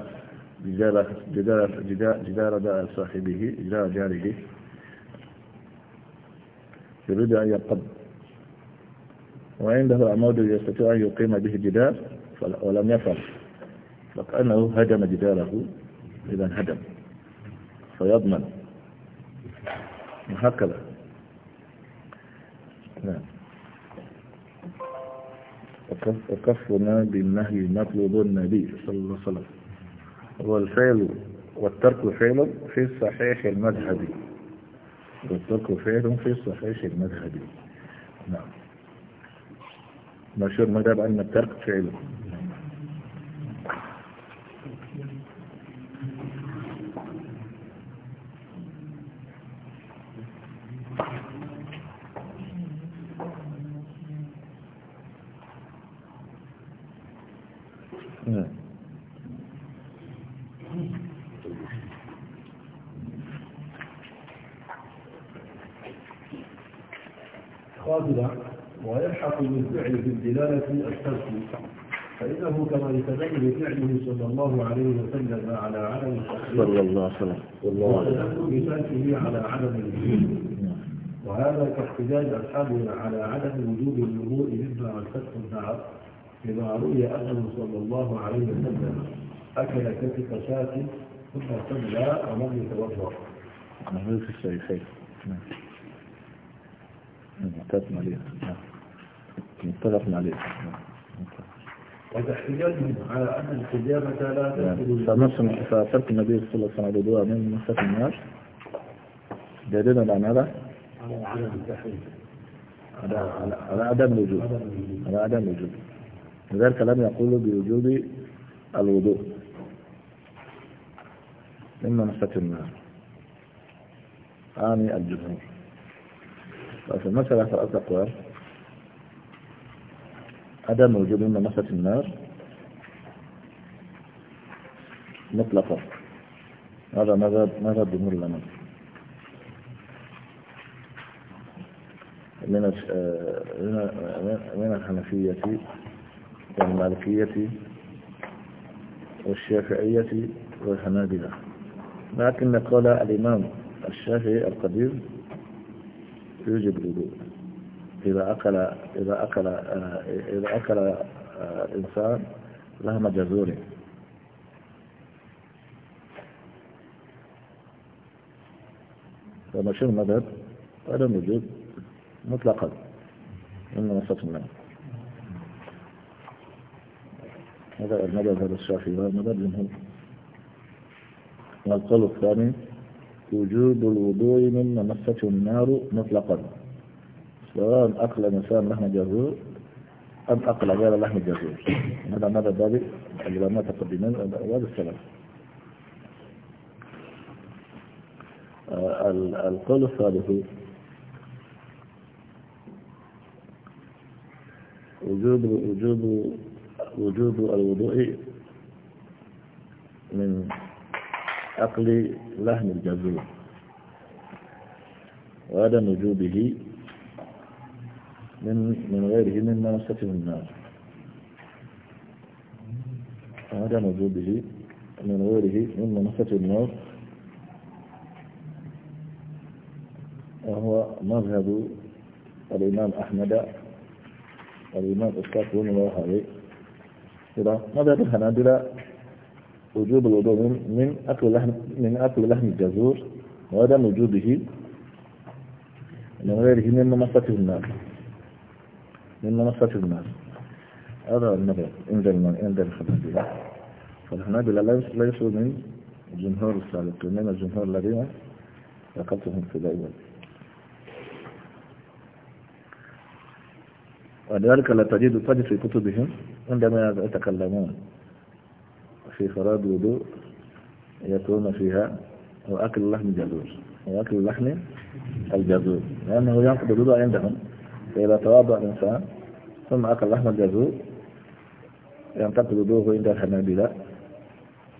جدار جدار جدار داء صاحبه جدار جاره يريد أن يقض وعنده عمود يستطيع أن يقيم به جدار ولم يفعل فكأنه هدم جداره إذا هدم فيضمن وهكذا نعم وكفنا بالنهي مطلوب النبي صلى الله عليه وسلم والفعل والترك فعل في الصحيح المذهبي والترك فعل في الصحيح المذهبي نعم مشهور ما دام أن الترك فعله صلى الله عليه وسلم على عدم الوجود وهذا كاحتجاج أصحابنا على عدم وجود الوضوء مما عرفته النار اذا رؤي أنه صلى الله عليه وسلم أكل كتف شاة ثم صلى ولم يتوضأ. نعم نعم نعم, نعم. متفق عليه. نعم عليه. على أن الحجامة لا يعني فنص فترك النبي صلى الله عليه وسلم الوضوء من مسك النار دليل على ماذا؟ على عدم التحريم على عدم الوجود على عدم الوجود لذلك لم يقولوا بوجود الوضوء مما مسك النار آني الجمهور فالمساله المسألة ثلاثة أقوال عدم وجود لمسة النار مطلقة هذا ماذا ماذا الجمهور لنا من آه، من الحنفية والمالكية والشافعية والحنابلة لكن قال الإمام الشافعي القديم يوجد الوضوء إذا أكل إذا أكل آه، إذا أكل آه، إنسان لحم جزور فمشي المذهب عدم وجود مطلقا من منصة الله هذا المذهب هذا الشافعي هذا المذهب المهم والقول الثاني وجوب الوضوء من مسته النار مطلقا سواء أكل الإنسان لحم الجزور أم أكل غير لحم الجزور هذا ماذا إذا ما تقدمين وهذا السبب آه، القول الثالث وجود وجود وجود الوضوء من أكل لحم الجزور وعدم وجوده من من غيره مما نستفيد النار هذا وجوده من غيره مما نستفيد النار وهو مذهب الإمام أحمد والإمام أستاذ بن الله إذا مذهب الحنابلة وجوب الوضوء من أكل لحم من أكل لحم الجزور وعدم وجوده من غيره مما مسته النار من منصة الماء هذا المذهب عند عند الحنابلة فالحنابلة ليسوا من جمهور السالكين من الجمهور الذين ذكرتهم في الأول ولذلك لا تجد تجد في كتبهم عندما يتكلمون في فراد وضوء يكون فيها وأكل لحم الجذور وأكل لحم الجذور لأنه ينقض الوضوء عندهم فإذا تواضع الإنسان ثم أكل لحم الجزور ينقطع وضوءه عند الحنابلة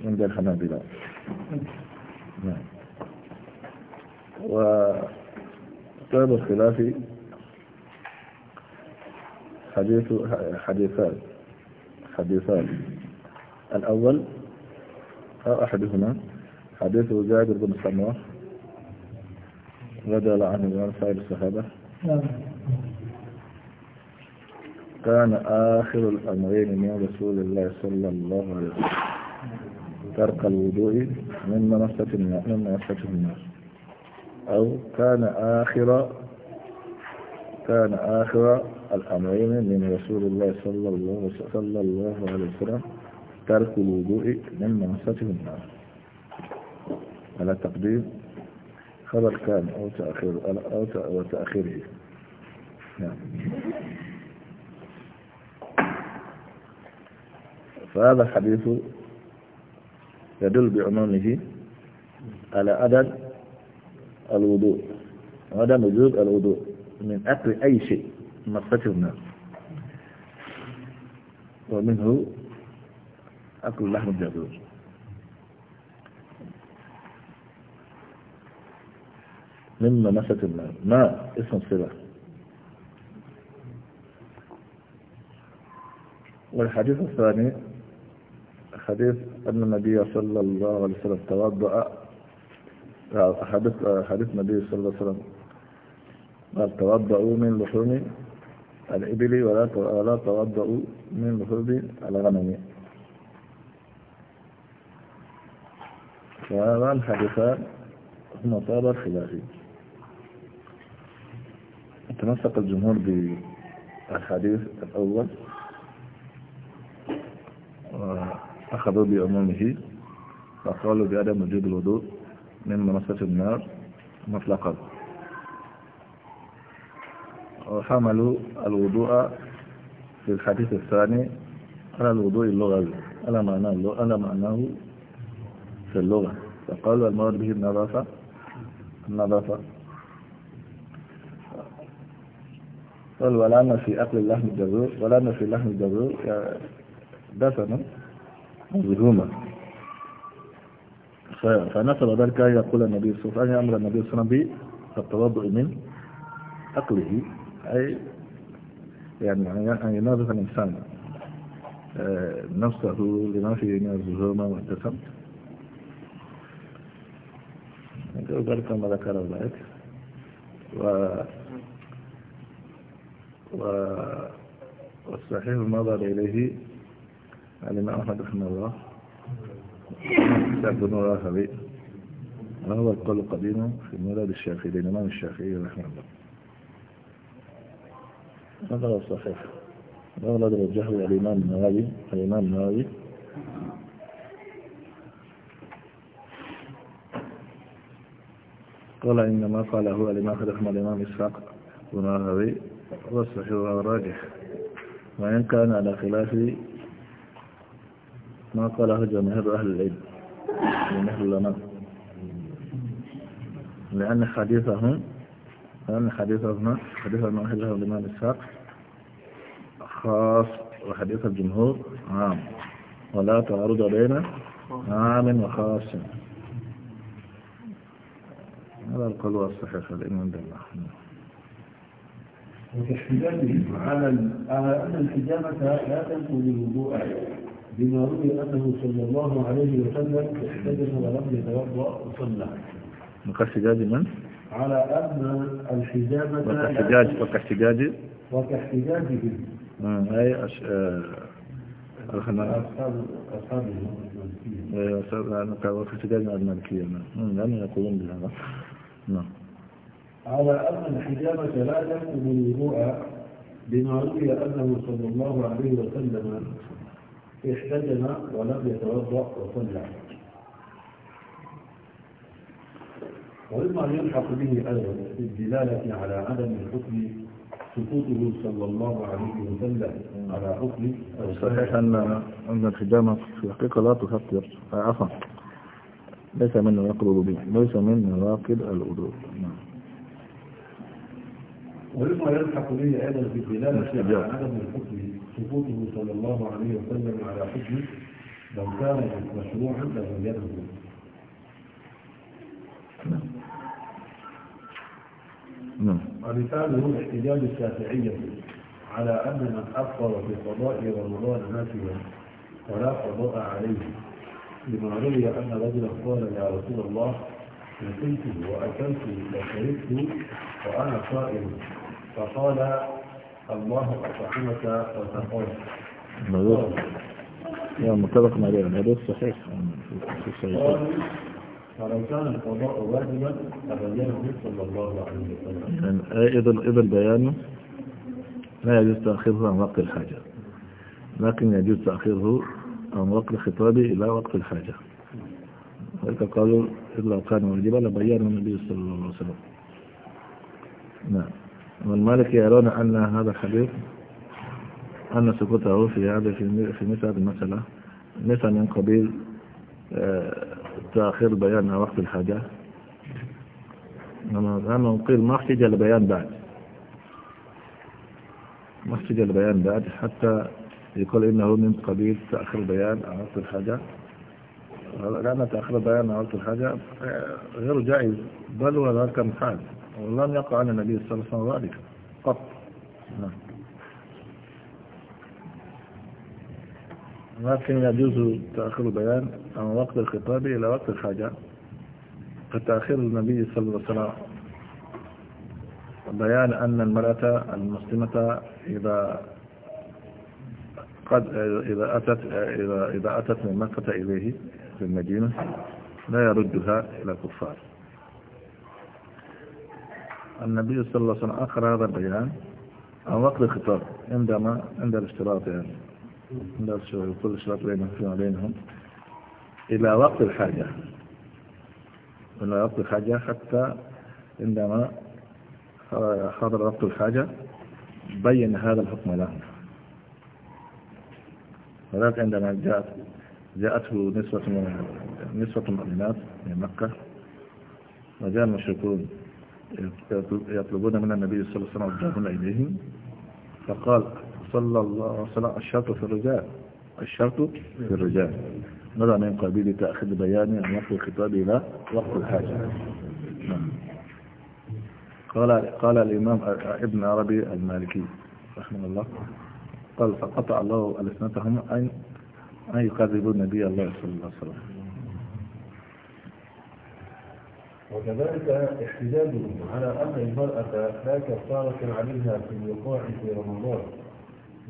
عند الحنابلة نعم كتاب الخلاف حديث حديثان حديثان الأول أو أحدهما حديث جابر بن سمرة رضي الله عنه وعن سائر الصحابة نعم كان آخر الأمرين من رسول الله صلى الله عليه وسلم ترك الوضوء من منصة الناس أو كان آخر كان آخر الأمرين من رسول الله صلى الله صلى الله عليه وسلم ترك الوضوء من منصة الناس على تقديم خبر كان أو تأخير أو تأخيره نعم فهذا الحديث يدل بعمومه على عدم الوضوء عدم وجود الوضوء من أكل أي شيء مسته الناس ومنه أكل لحم الجزور مما مسته الناس ما اسم الصلة والحديث الثاني الحديث أن النبي صلى الله عليه وسلم توضأ حديث حديث النبي صلى الله عليه وسلم قال توضأوا من لحوم الإبل ولا ولا توضأوا من لحوم الغنم فهذا الحديثان هما طاب خلافي تمسك الجمهور بالحديث الأول أخذوا بعمومه وقالوا بعدم وجود الوضوء من منصة النار مطلقا وحملوا الوضوء في الحديث الثاني على الوضوء اللغوي على معناه على معناه في اللغة فقالوا المراد به النظافة النظافة قالوا ولا في أكل اللحم الجذور ولا في اللحم الجذور دفنوا وذوما فنسب ذلك أن يقول النبي صلى الله عليه وسلم أمر النبي صلى الله عليه وسلم بالتوضؤ من أقله أي يعني أن ينظف الإنسان آه، نفسه لما فيه من الزهومة والتسم ذلك ما ذكر ذلك و و والصحيح النظر إليه الإمام أحمد رحمه الله سعد بن راهبي وهو القول قديما في مولد الشافعي للإمام الشافعي رحمه الله هذا هو الصحيح مولد رجحه الإمام النووي الإمام النووي قال إنما قاله الإمام أحمد رحمه الإمام إسحاق بن راهبي هو الصحيح والراجح وإن كان على خلاف ما قاله جماهير أهل العلم جماهير يعني العلماء لأن حديثهم لأن حديثهم حديث المؤهل له الإمام إسحاق خاص وحديث الجمهور عام ولا تعارض بين عام وخاص هذا القول الصحيح الإمام بالله وكاحتجامه على أن الحجامة لا تنفذ الوضوء لما روي أنه صلى الله عليه وسلم احتجم ولم يتوضأ وصلى وكاحتجاج من؟ على أن الحجامة وكاحتجاج وكاحتجاج وكاحتجاجهم آه، أي أش... آه، أخنا أصحابه أيوة آه، وكاحتجاج من المالكية نعم. نعم، لم يقولون بهذا نعم على أن الحجامة لا تكتب الوضوء بما روي أنه صلى الله عليه وسلم احتجم ولم يتوضأ وصلى ومما يلحق به أيضا الدلالة على عدم الحكم سقوطه صلى الله عليه وسلم على حكم صحيح أن أن الحجامة في الحقيقة لا تفكر عفوا ليس من يقرب به ليس من نواقض الوضوء نعم ومما يلحق به أيضا الدلالة على عدم الحكم سقوطه صلى الله عليه وسلم على حكمه لو كان مشروعا نعم. ومثاله احتجاج الشافعية على أن من أفطر في قضاء رمضان ناسيا فلا قضاء عليه لما روي أن رجلا قال يا رسول الله نسيت وأكلت وشربت وأنا صائم فقال الله رحمك وتقول يا متفق عليه الحديث صحيح فلو كان القضاء واجبا تبينه صلى الله عليه وسلم اذا اذا بيانه لا يجوز تاخيره عن وقت الحاجه لكن يجوز تاخيره عن وقت الخطاب الى وقت الحاجه ولذلك قالوا الا كان واجبا لبينه النبي صلى الله عليه وسلم نعم والمالك يرون أن هذا الحديث أن سكوته في هذا في مثل هذه المسألة ليس من قبيل آه، تأخير بيان وقت الحاجة أنا قيل ما احتج لبيان بعد ما احتج لبيان بعد حتى يقول إنه من قبيل تأخير بيان وقت الحاجة لأن تأخير بيان وقت الحاجة آه، غير جائز بل ولا كم حال ولم يقع على النبي صلى الله عليه وسلم ذلك قط نعم لكن يجوز تأخير البيان عن وقت الخطاب إلى وقت الحاجة فتأخير النبي صلى الله عليه وسلم بيان أن المرأة المسلمة إذا قد إذا أتت إذا إذا أتت من مكة إليه في المدينة لا يردها إلى الكفار النبي صلى الله عليه وسلم أخر هذا البيان عن وقت الخطاب عندما عند الاشتراط يعني عند كل اشتراط بينهم فيما بينهم إلى وقت الحاجة إلى وقت الحاجة حتى عندما حضر وقت الحاجة بين هذا الحكم لهم ولكن عندما جاءت جاءته نسبة نسبة المؤمنات من مكة وجاء المشركون يطلبون من النبي صلى الله عليه وسلم يذهبون إليهم فقال صلى الله عليه وسلم الشرط في الرجال الشرط في الرجال ماذا من قبيل تأخذ بياني عن وقت الخطاب إلى وقت الحاجة نعم. قال قال الإمام ابن عربي المالكي رحمه الله قال فقطع الله الأسنتهم أن أن يكذبوا النبي الله صلى الله عليه وسلم وكذلك احتجاجه على أن المرأة لا كفارة عليها في الوقوع في رمضان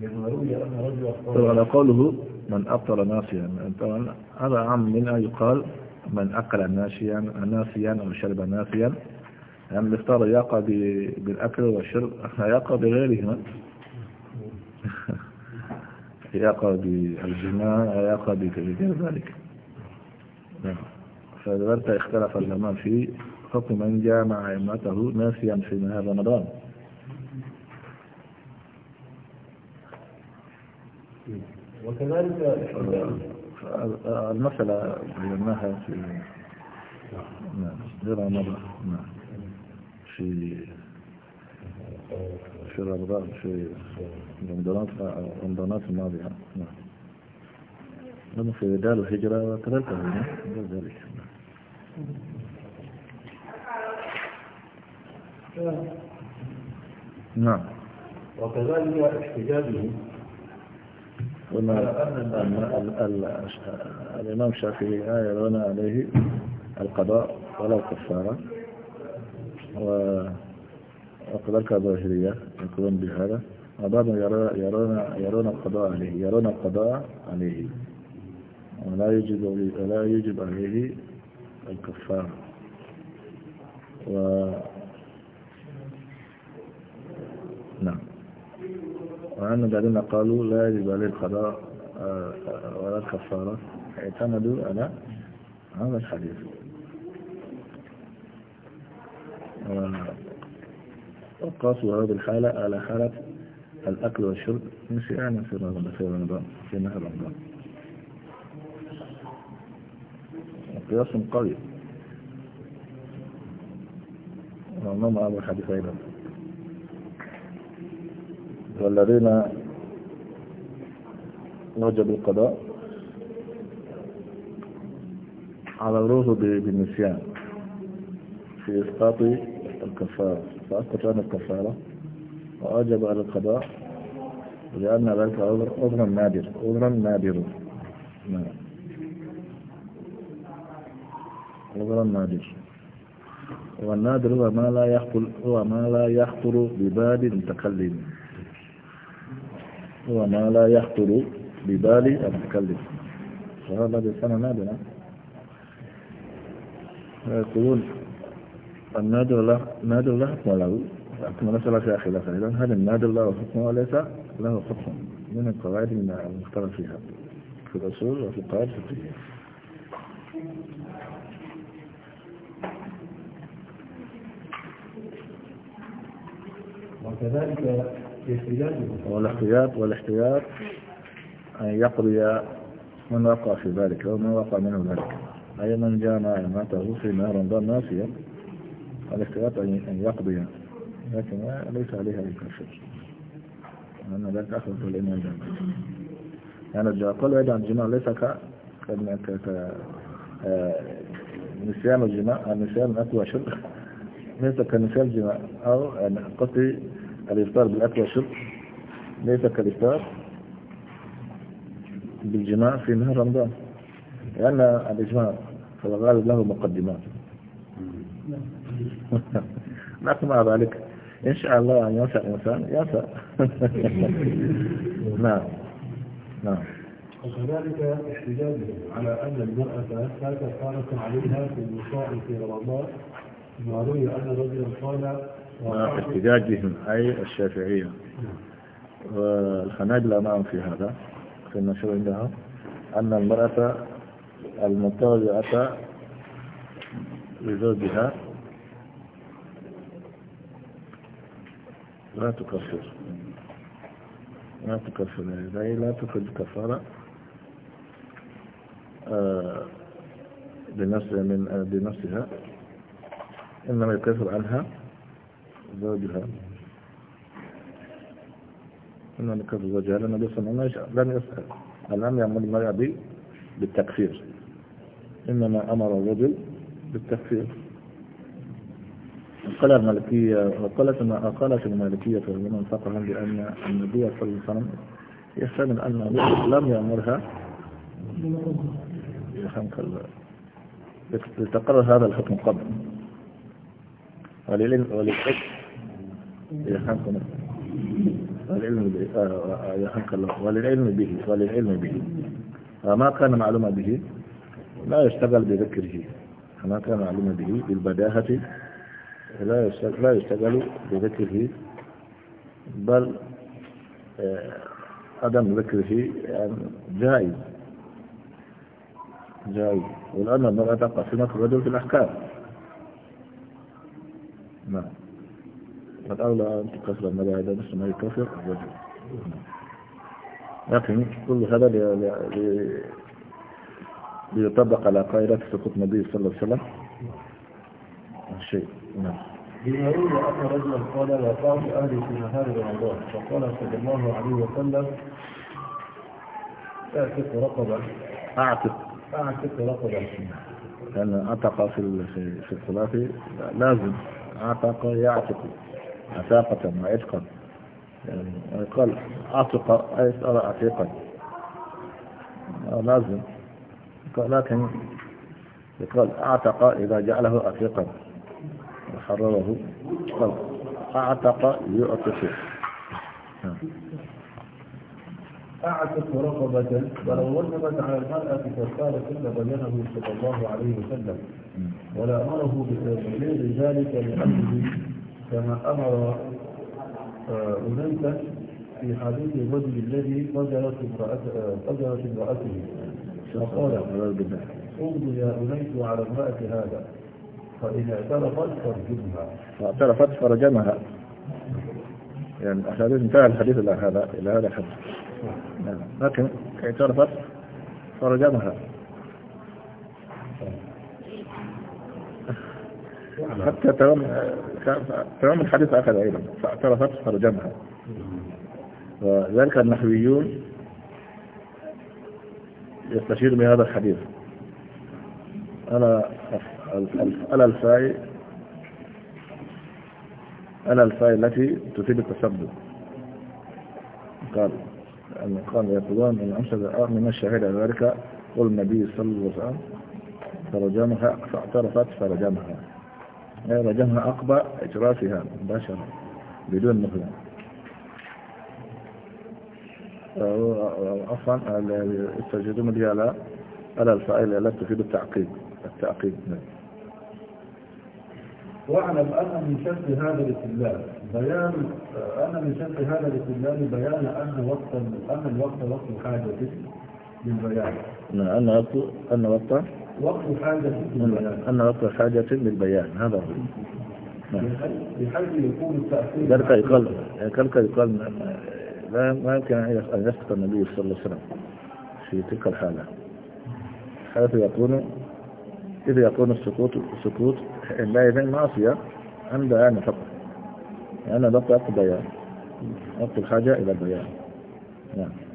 لما روي أن رجل أفطر على قوله من أفطر ناسيا طبعا هذا عام من أن يقال من أكل ناسيا ناسيا أو شرب ناسيا يعني الإفطار يقع بالأكل والشرب يقع بغيرهما يقع بالجماع يقع بغير ذلك نعم فلذلك اختلف العلماء في حكم من جامع ائمته ناسيا في نهار رمضان وكذلك المسألة بيناها في نعم غير نعم في في رمضان في رمضانات رمضانات الماضية نعم, نعم، في دار الهجرة وكذلك نعم، ذلك نعم وكذلك احتجاجه أن الإمام الشافعي آية عليه القضاء ولا الكفارة وكذلك الظاهرية يقولون بهذا وبعضهم يرون يرون القضاء عليه يرون القضاء عليه ولا يجب ولا يجب عليه الكفار و نعم وعن الذين قالوا لا يجب عليه القضاء آه، ولا الكفارة اعتمدوا على هذا الحديث آه، وقاسوا هذه الحالة على حالة الأكل والشرب نسيانا في رمضان في نهر رمضان قياس قوي وأنما أبو نعم، نعم، نعم، حديث أيضا والذين وجب القضاء على الروح بالنسيان في إسقاط الكفارة فأسقط عن الكفارة وأجب على القضاء لأن ذلك أمر نادر أمر نادر نعم هو النادر والنادر هو ما لا يخطر هو ما لا يخطر ببال المتكلم هو ما لا يخطر ببال المتكلم وهذا بسنة نادرة يقولون النادر له نادر له حكم له حكم مسألة فيها خلاف إذا هل النادر له حكم وليس له حكم من القواعد المختلف فيها في الأصول وفي القواعد الفقهية وكذلك والاحتياط والاحتياط أن يقضي من وقع في ذلك أو من وقع منه ذلك أي من جاء ماته في نار رمضان ناسيا الاحتياط أن يقضي لكن ليس عليها أي شيء لأن ذلك أخذ الإمام جامع يعني الجواب قال ويدع الجماع ليس ك ك آه، نسيان الجماع النسيان أقوى شر ليس كنسيان الجماع أو قصدي الإفطار بالأكل والشرب ليس كالإفطار بالجماع في نهار رمضان لأن الإجماع في الغالب له مقدمات لكن مع ذلك إن شاء الله أن يوسع الإنسان يوسع نعم نعم وكذلك احتجاجه على أن المرأة لا كفارة عليها في النساء في رمضان ما روي أن رجلا قال واحتجاجهم أي الشافعية والحنابلة معهم في هذا في النشر عندها أن المرأة المتوضئة لزوجها لا تكفر لا تكفر يعني لا تخرج كفارة آه، بنفسها من آه، بنفسها إنما يكفر عنها زوجها أن نكاح زوجها لأن النبي صلى الله عليه وسلم لم يسأل الآن يأمر المرأة بالتكفير إنما أمر الرجل بالتكفير قال المالكية وقالت ما قالت المالكية من فقها بأن النبي صلى الله عليه وسلم يحتمل أن لم يأمرها لتقرر هذا الحكم قبل وللحكم وللعلم به آه، آه، وللعلم به فما كان معلوما به لا يشتغل بذكره ما كان معلوما به بالبداهة لا يشتغل, لا يشتغل بذكره بل آه، عدم ذكره يعني جائز جائز ولأن المرأة تقع في مكر الرجل في الأحكام نعم فالأولى أن تكفر ما بعد نفسه ما يكفر الرجل لكن كل هذا ليطبق على قاعدة سقوط النبي صلى الله عليه وسلم شيء نعم بمعين أن رجلا قال لا تعطي أهلي في نهار رمضان فقال صلى الله عليه وسلم اعتق رقبا اعتق اعتق رقبا كان أعتق في في الخلافه لازم أعتق يعتق عتاقة وعتقا يعني قال عتق أي أرى عتيقا لازم لكن يقال اعتق إذا جعله عتيقا وحرره قال اعتق يعتق أعتق رقبة ولو وجبت على المرأة فقال كل بينه صلى الله عليه وسلم ولا أمره بتغيير ذلك لأمره كما أمر أنيسة في حديث الرجل الذي قدرت آه، امرأته فقال اغض يا أنيس على امرأة هذا فإن اعترفت فرجمها فاعترفت فرجمها يعني أحاديث انتهى الحديث إلى هذا إلى هذا الحد نعم. لكن اعترفت فرجمها حتى تمام الحديث أخذ أيضا فاعترفت فرجمها وذلك النحويون يستشير من هذا الحديث أنا ألا الفاي ألا الفاي التي تثير التسبب قال قال يقولون أن أمسد من الشهيد ذلك قل النبي صلى الله عليه وسلم فرجمها فاعترفت فرجمها رجمها أقبى إجراسها مباشرة بدون مهلة عفوا استجدوا لي على على الفائلة لا تفيد التعقيد التعقيد نعم. واعلم أن من شرط هذا الاستدلال بيان أن من شرط هذا الاستدلال بيان أن وقت أن الوقت وقت الحاجة للبيان نعم، أن وقت أن وقت وقت حاجة للبيان أن وقت حاجة للبيان هذا هو نعم. بحيث يكون التأثير ذلك يقال ذلك يقال لا ما يمكن أن يسقط النبي صلى الله عليه وسلم في تلك الحالة حيث يكون إذا يكون السقوط سقوط لا يزال معصية عند أنا فقط لأن بقي وقت البيان وقت الحاجة إلى البيان نعم يعني.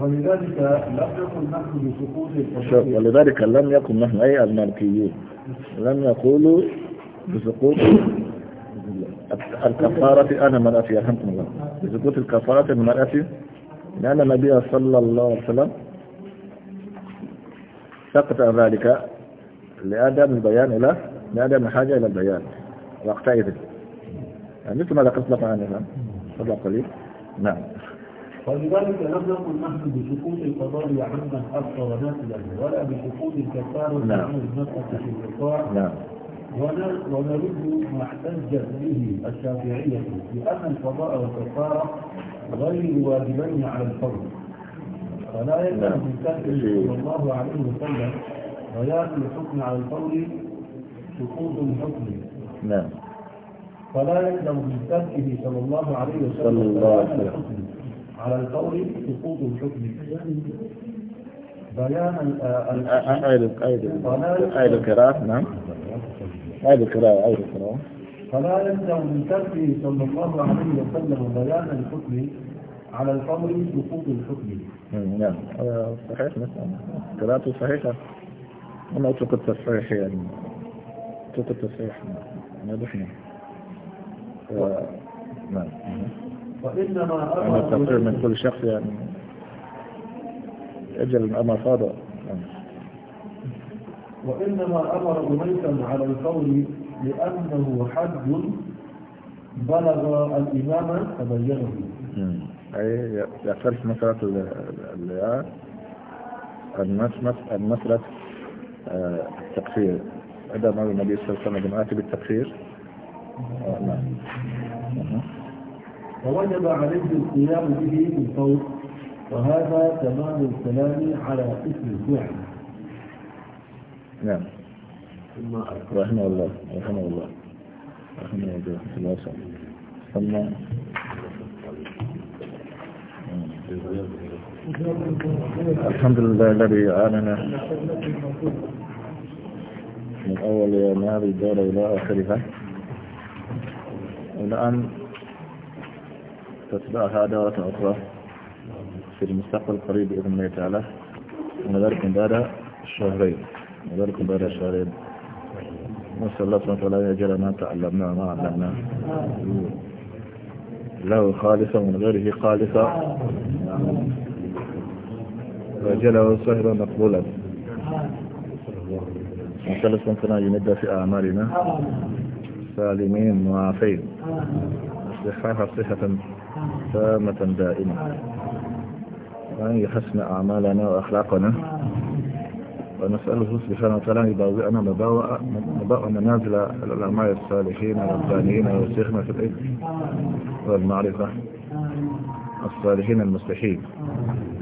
فلذلك لم يكن نحن بسقوط التشيع ولذلك لم يكن نحن أي المالكيون لم يقولوا بسقوط الكفارة أنا من أفي الحمد لله بسقوط الكفارة من أفي لأن النبي صلى الله عليه وسلم سقط ذلك لعدم البيان إلى لعدم الحاجة إلى البيان وقتئذ يعني مثل ما ذكرت لكم عنها قبل قليل نعم ولذلك لم نكن نحن بسقوط القضاء عمن أبقى نافلا ولا بسقوط الكفار نعم المسألة في القطاع نعم ونرد ما احتجت به الشافعية بأن القضاء والكفارة غير واجبين على الفرد فلا يلزم من كتبه صلى الله عليه وسلم وياتي الحكم على الفرد سقوط الحكم نعم فلا يلزم من كتبه صلى الله عليه وسلم عليه الحكم على القول سقوط الحكم بيان أعيد أعيد القراءة نعم أعيد القراءة أعيد القراءة فلا يلزم من تركه صلى الله عليه وسلم بيان الحكم على القول سقوط الحكم نعم, نعم. آه، صحيح مثلا نعم. قراءته صحيحة أنا أترك التصحيح يعني أترك التصحيح آه، نعم نعم وإنما أمر التقرير من كل شخص يعني اجل الأمر فاضع وإنما أمر أميسا على القول لأنه حد بلغ الإمام تبينه أي يعترف مسألة المسألة آه، التقصير عندما النبي صلى الله عليه وسلم جمعاتي بالتقصير آه، نعم فوجب عليه القيام به من وهذا تمام الكلام على اسم الفعل نعم رحمه الله رحمه الله رحمه الله رحمه الله ثم الحمد لله الذي آلنا من أول يوم هذه الدولة إلى آخرها والآن تتبعها دورة أخرى في المستقبل القريب بإذن الله تعالى وذلك بعد شهرين من بعد الشهرين نسأل الله سبحانه وتعالى يجعل ما تعلمنا ما علمنا له خالصا ومن غيره خالصا وجعله سهلا مقبولا نسأل الله سبحانه وتعالى يمد في أعمالنا سالمين وعافين صحاها صحة تامة دائمة وأن يعني يحسن أعمالنا وأخلاقنا ونسأله سبحانه وتعالى أن يباوئنا مباوئ منازل العلماء الصالحين الربانيين وشيخنا في العلم والمعرفة الصالحين المستحيل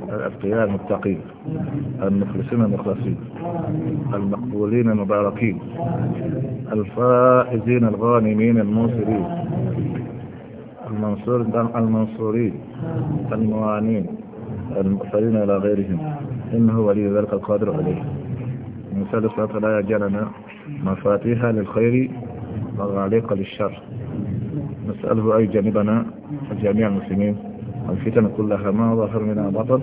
الأتقياء المتقين المخلصين المخلصين المقبولين المباركين الفائزين الغانمين الموسرين المنصور المنصورين المعانين المرسلين إلى غيرهم إنه ولي ذلك القادر عليه نسأل الصلاة لا يجعلنا مفاتيح للخير وغاليق للشر نسأله أي جانبنا جميع المسلمين الفتن كلها ما ظهر منها بطل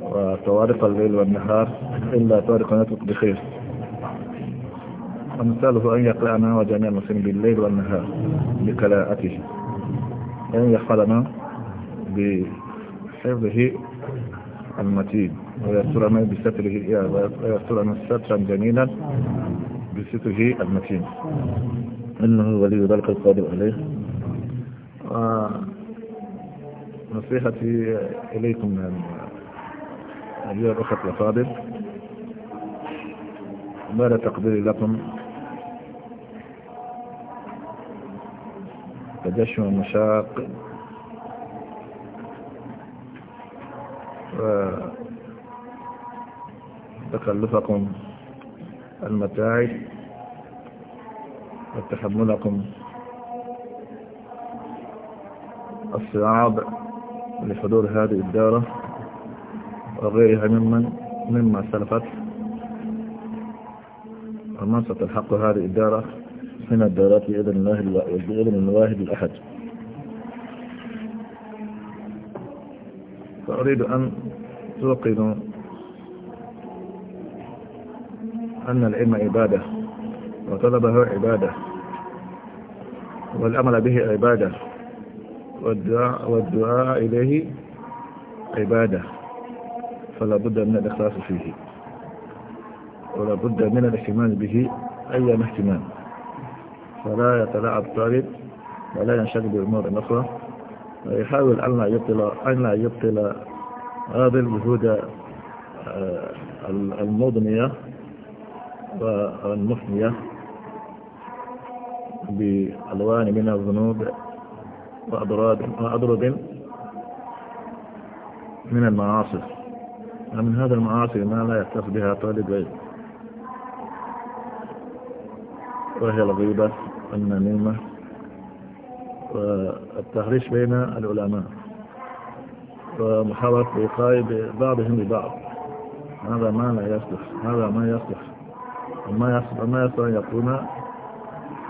وطوارق الليل والنهار إلا طارق نتوق بخير ونسأله أن يقلعنا وجميع المسلمين بالليل والنهار بكلاءته أن يعني يحفظنا بحفظه المتين ويسترنا بستره ويسترنا سترا جميلا بستره المتين إنه ولي ذلك القادر عليه نصيحتي إليكم أيها الأخوة الأفاضل ماذا تقديري لكم تجشم المشاق وتكلفكم المتاعب وتحملكم الصعاب لحضور هذه الدارة وغيرها ممن مما سلفت ومن ستلحق هذه الدارة من الدورات بإذن الله بإذن الله الأحد فأريد أن توقن أن العلم عبادة وطلبه عبادة والأمل به عبادة والدعاء, والدعاء إليه عبادة فلا بد من الإخلاص فيه ولا بد من الاهتمام به أي اهتمام فلا يتلاعب طالب ولا ينشغل بأمور أخرى ويحاول أن لا يبطل أن لا يبطل هذه الجهود آه، المضنية والمفنية بألوان من الذنوب وأضرب من المعاصي ومن هذا المعاصي ما لا يحتف بها طالب علم وهي الغيبة النميمة والتهريش بين العلماء ومحاولة الوقاية بعضهم لبعض هذا ما لا يصلح هذا ما يصلح وما يصلح ما يصلح أن يكون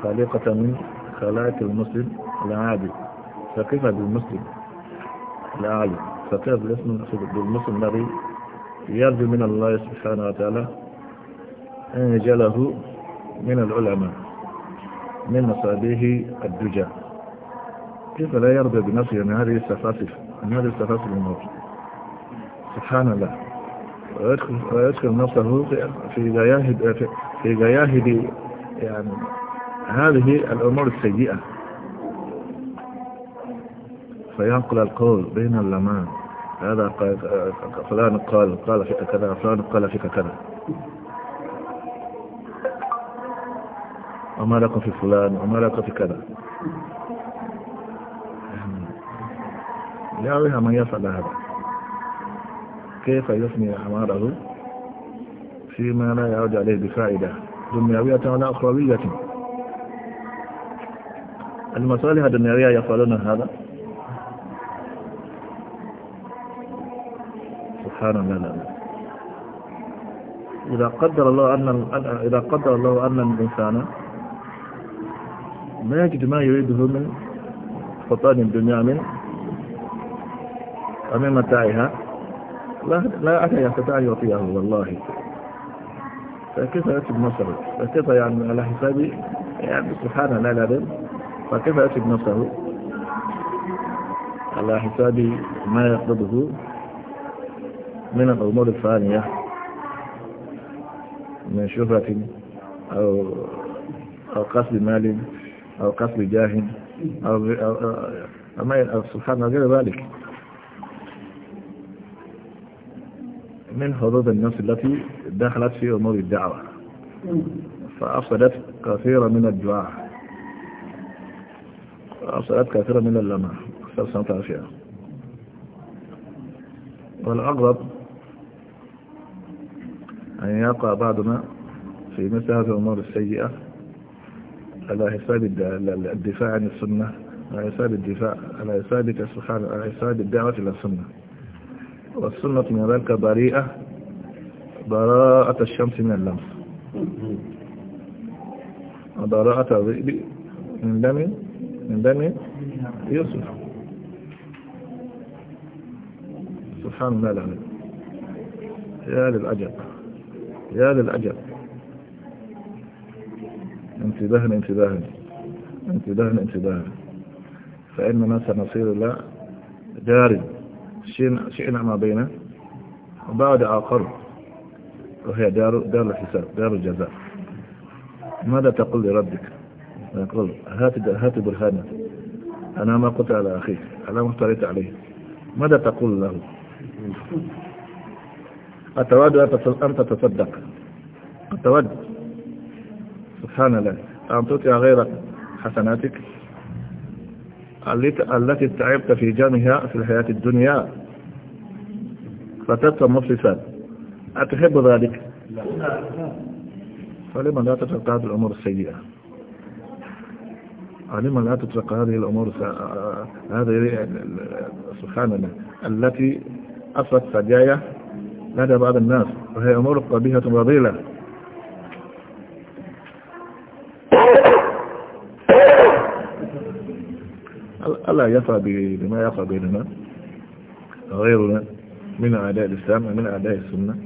خليقة من خلائق المسلم العادي فكيف بالمسلم العالي فكيف بالمسلم الذي يرجو من الله سبحانه وتعالى أن يجعله من العلماء من مصابيه الدجى كيف لا يرضى بنفسه من هذه السفاسف من هذه السفاسف الموت سبحان الله ويدخل, نفسه في غياهب في غياهب يعني هذه الأمور السيئة فينقل القول بين اللمان هذا فلان قال قال فيك كذا فلان قال فيك كذا وما لكم في فلان وما لكم في كذا يا يعرف من يفعل هذا كيف يثني أعماله فيما لا يعود عليه بفائدة دنيوية ولا أخروية المصالح الدنيوية يفعلون هذا سبحان الله إذا قدر الله أن إذا قدر الله أن الإنسان ما يجد ما يريده من فطان الدنيا من ومن متاعها لا لا أحد يستطيع أن يعطيه والله فكيف يأتي بنصره فكيف يعني على حسابي يعني سبحان الله العظيم فكيف يأتي بنصره على حساب ما يقبضه من الأمور الفانية من شهرة أو أو قصد مال أو قتل جاه أو, أو, أو, أو سبحان غير ذلك من حدود النفس التي دخلت في أمور الدعوة فأفسدت كثيرا من الدعاء وأفسدت كثيرا من اللمع سنة الأشياء والأغرب أن يقع بعضنا في مثل هذه الأمور السيئة على حساب الدفاع عن السنة على حساب الدفاع على حساب السخان على حساب الدعوة إلى السنة والسنة من ذلك بريئة براءة الشمس من اللمس وبراءة الذئب من دم من دم يوسف سبحان الله يا للأجل يا للأجل انتباه انتباه انتباه فإن فإننا سنصير إلى جارب شئنا ما بين وبعد آخر وهي دار, دار الحساب دار الجزاء ماذا تقول لربك يقول هات هات برهانة أنا ما قلت على أخيك أنا ما افتريت عليه ماذا تقول له أتود أن تتصدق أتود سبحان الله أن تطيع غير حسناتك التي تعبت في جمعها في الحياة الدنيا فتبقى مفلسا أتحب ذلك فلما لا تترك هذه الأمور السيئة لما لا تترك هذه الأمور هذه سبحان الله التي أصلت سجايا لدى بعض الناس وهي أمور قبيحة رضيلة ألا يفى بما يقع بيننا غيرنا من أعداء الإسلام ومن أعداء السنة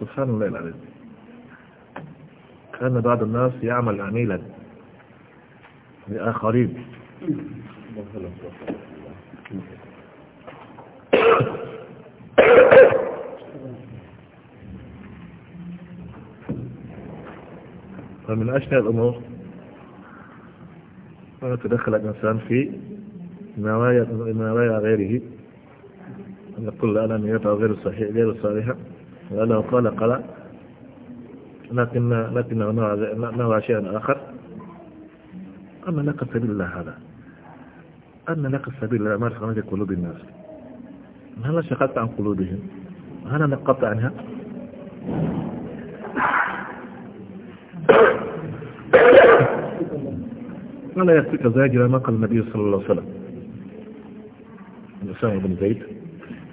سبحان الله العظيم كان بعض الناس يعمل عميلا لآخرين فمن أشهر الأمور ويتدخل الإنسان في نوايا غيره أن يقول لا لم نيتها غير صحيح غير صالحة لأنه قال قال لكن لكنه نوى شيئا آخر أما لك سبيل الله هذا أن لك سبيل الله ما في قلوب الناس هل شقت عن قلوبهم هل نقطت عنها قال يكفيك زاجرة ما قال النبي صلى الله عليه وسلم أسامة بن زيد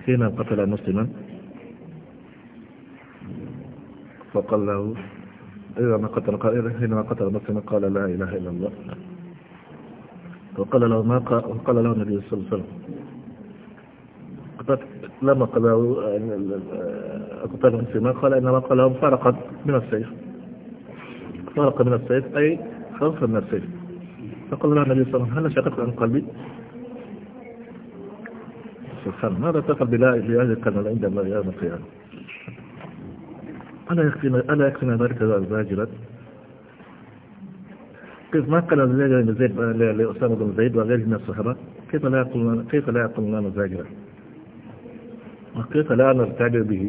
حين قتل مسلما فقال له إذا ما قتل قال حينما قتل مسلما قال لا إله إلا الله وقال له ما قال وقال له النبي صلى الله عليه وسلم لما قال له قتل مسلما قال إنما قال لهم فرقا من السيف فرق من السيف أي خوفا من السيف فقال له النبي صلى الله عليه وسلم هل شققت عن قلبي سبحان ماذا تفعل بلا إجيال الكلام عند الله يوم القيامة ألا يكفينا ألا يكفينا ذلك الزاجرة كيف ما قال زيد زيد لأسامة بن زيد وغيره من الصحابة كيف لا يقول كيف لا يقول لنا الزاجرة وكيف لا نرتعد به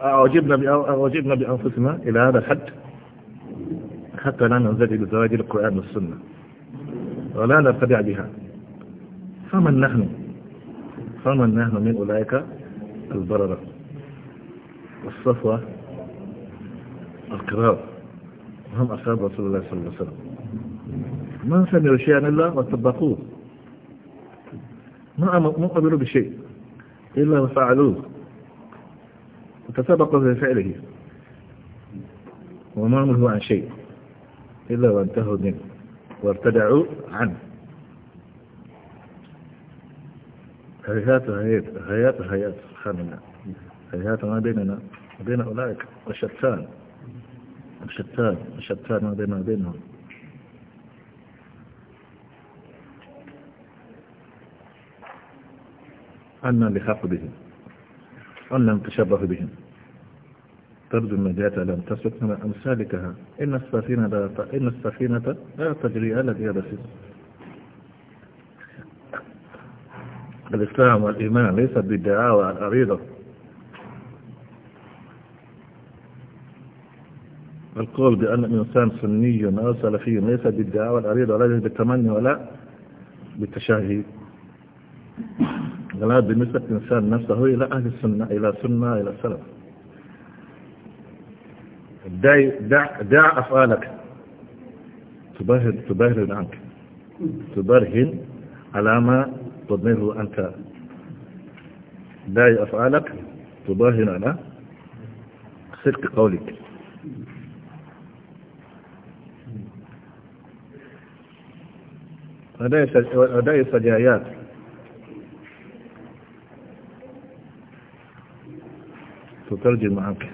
أعجبنا أعجبنا بأنفسنا إلى هذا الحد حتى لا ننزل إلى زواج القرآن والسنة ولا نرتدع بها فمن نحن فمن نحن من أولئك البررة والصفوة الكرام هم أصحاب رسول الله صلى الله عليه وسلم ما سمعوا شيئا إلا وطبقوه ما أمروا بشيء إلا وفعلوه تسبق بفعله وما منه عن شيء إلا وانتهوا منه وارتدعوا عنه هيهات هيهات هيهات سبحان الله هيهات ما بيننا وبين أولئك وشتان وشتان وشتان ما بيننا وبينهم أنا لحق بهم أنا لم تشبه بهم تبدو النجاة لم تسلك من أمثالكها إن السفينة لا ت... إن السفينة لا تجري على اليابس الإسلام والإيمان ليس بالدعاوى العريضة القول بأن الإنسان سني أو سلفي ليس بالدعاوى العريضة ولا بالتمني ولا بالتشهي ولا بالنسبة الإنسان نفسه إلى أهل السنة إلى سنة إلى سلف دع, دع, دع أفعالك تبرهن تبرهن عنك تبرهن على ما تضمره أنت دع أفعالك تبرهن على صدق قولك أداء سجايات تترجم عنك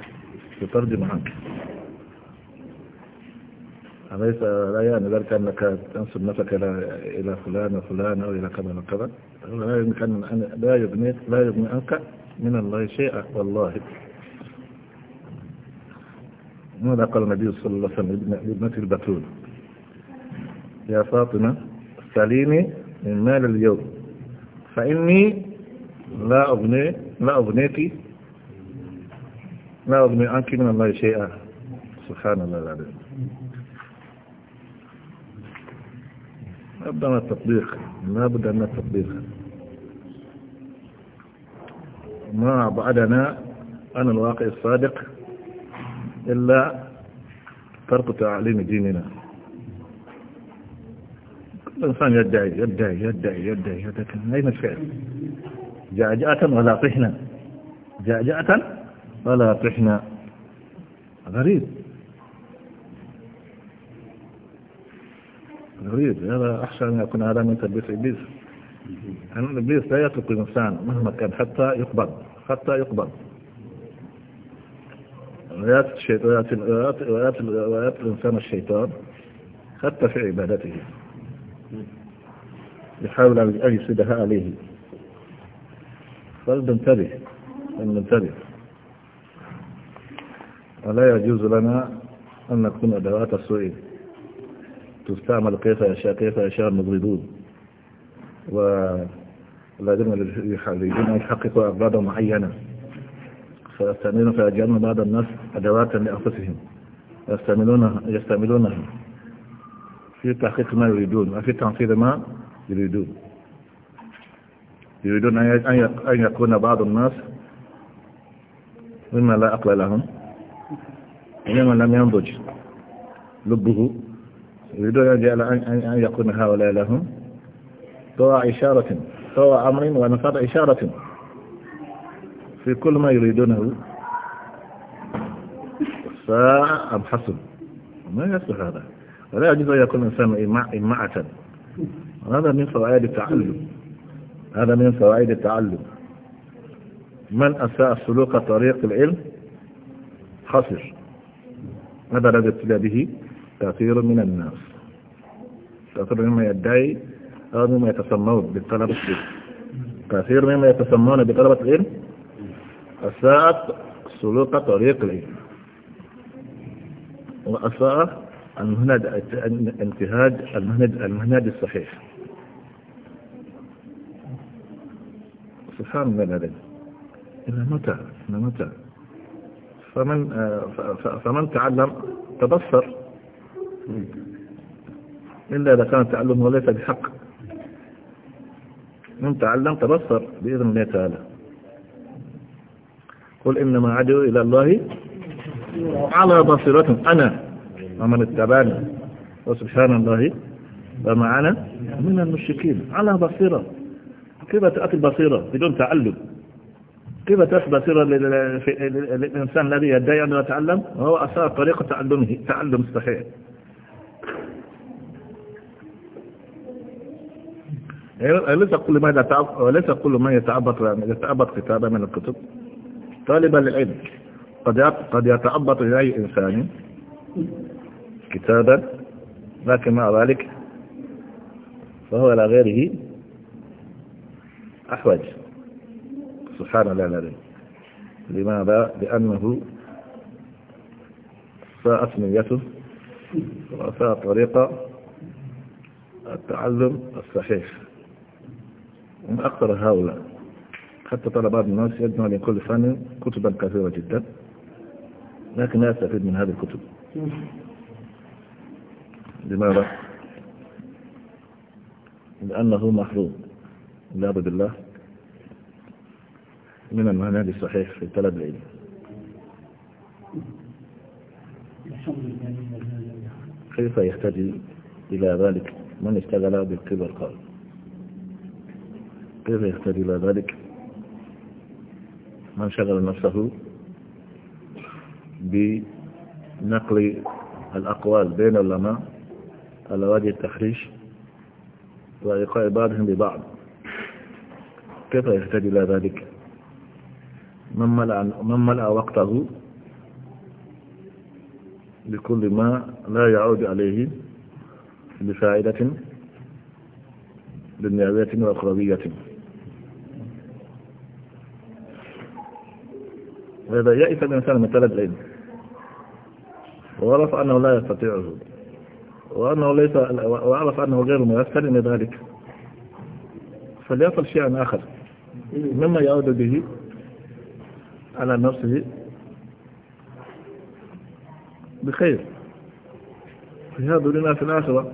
تترجم عنك أليس لا يعني ذلك أنك تنسب نفسك إلى إلى فلان وفلان أو إلى كذا وكذا لا يمكن أن لا يغنيك لا يغني عنك من الله شيئا والله ماذا قال النبي صلى الله عليه وسلم لابنة البتول يا فاطمة سليني من مال اليوم فإني لا أغني لا أغنيك لا أغني عنك من الله شيئا سبحان الله العظيم لابد من التطبيق لابد من التطبيق ما بعدنا عن الواقع الصادق إلا ترك تعليم ديننا كل إنسان يدعي يدعي يدعي يدعي يدعي أين الفعل جعجعة ولا طحنا جعجعة ولا طحنا غريب يريد هذا أحسن أن يكون هذا من تلبيس إبليس أن إبليس لا يترك الإنسان مهما كان حتى يقبض حتى يقبض ويأتي الشيطان ويأتي الإنسان الشيطان حتى في عبادته يحاول أن يسدها عليه فلننتبه فلننتبه ولا يجوز لنا أن نكون أدوات السوء تستعمل كيف يشاء كيف يشاء المغرضون والذين يحاولون يحققوا أغراضا معينة فيستعملون فيجعلون بعض الناس أدوات لأنفسهم يستعملونها يستعملونها في تحقيق ما يريدون وفي تنفيذ ما يريدون يريدون أن يكون بعض الناس مما لا أقل لهم إنما لم ينضج لبه يريدون أن يكون هؤلاء لهم طوى إشارة طوى أمر ونفر إشارة في كل ما يريدونه فأم حسن ما يصلح هذا ولا يجوز أن يكون الإنسان إمعة هذا من فوائد التعلم هذا من فوائد التعلم من أساء سلوك طريق العلم خسر هذا الذي ابتلى به كثير من الناس كثير مما يدعي أو مما يتسمون بالطلبة كثير مما يتسمون بطلبة العلم أساءت سلوك طريق العلم وأساء المهند انتهاج المهند المهند الصحيح سبحان الله العظيم إلى متى إلى متى فمن فمن تعلم تبصر إلا إذا كان تعلمه ليس بحق من تعلم تبصر بإذن الله تعالى قل إنما عدوا إلى الله على بصيرة أنا ومن اتبعني وسبحان الله ومعنا من المشركين على بصيرة كيف تأتي البصيرة بدون تعلم كيف تأتي البصيرة للإنسان الذي يدعي أنه يتعلم وهو أساء طريقة تعلمه تعلم صحيح إيه، ليس كل ما يتعب ليس كل ما يتعبط يتعبط كتابا من الكتب طالبا للعلم قد قد يتعبط لأي إنسان كتابا لكن مع ذلك فهو على غيره أحوج سبحان الله العظيم لماذا؟ لأنه ساءت نيته وساء طريقة التعلم الصحيح من أكثر هؤلاء حتى طلب بعض الناس يجمع لكل فن كتبا كثيرة جدا لكن لا يستفيد من هذه الكتب لماذا؟ لأنه محروم بد الله من المنهج الصحيح في طلب العلم كيف يحتاج إلى ذلك من اشتغل بالكبر قال كيف يهتدي إلى ذلك من شغل نفسه بنقل الأقوال بين العلماء على وجه التحريش وإيقاع بعضهم ببعض كيف يهتدي إلى ذلك من ملأ, من ملأ وقته بكل ما لا يعود عليه بفائدة دنيوية وأخروية وإذا يئس الإنسان من ثلاث العلم وعرف أنه لا يستطيعه وأنه ليس وعرف أنه غير ميسر لذلك فليصل شيئا آخر مما يعود به على نفسه بخير فهذا لنا في الآخرة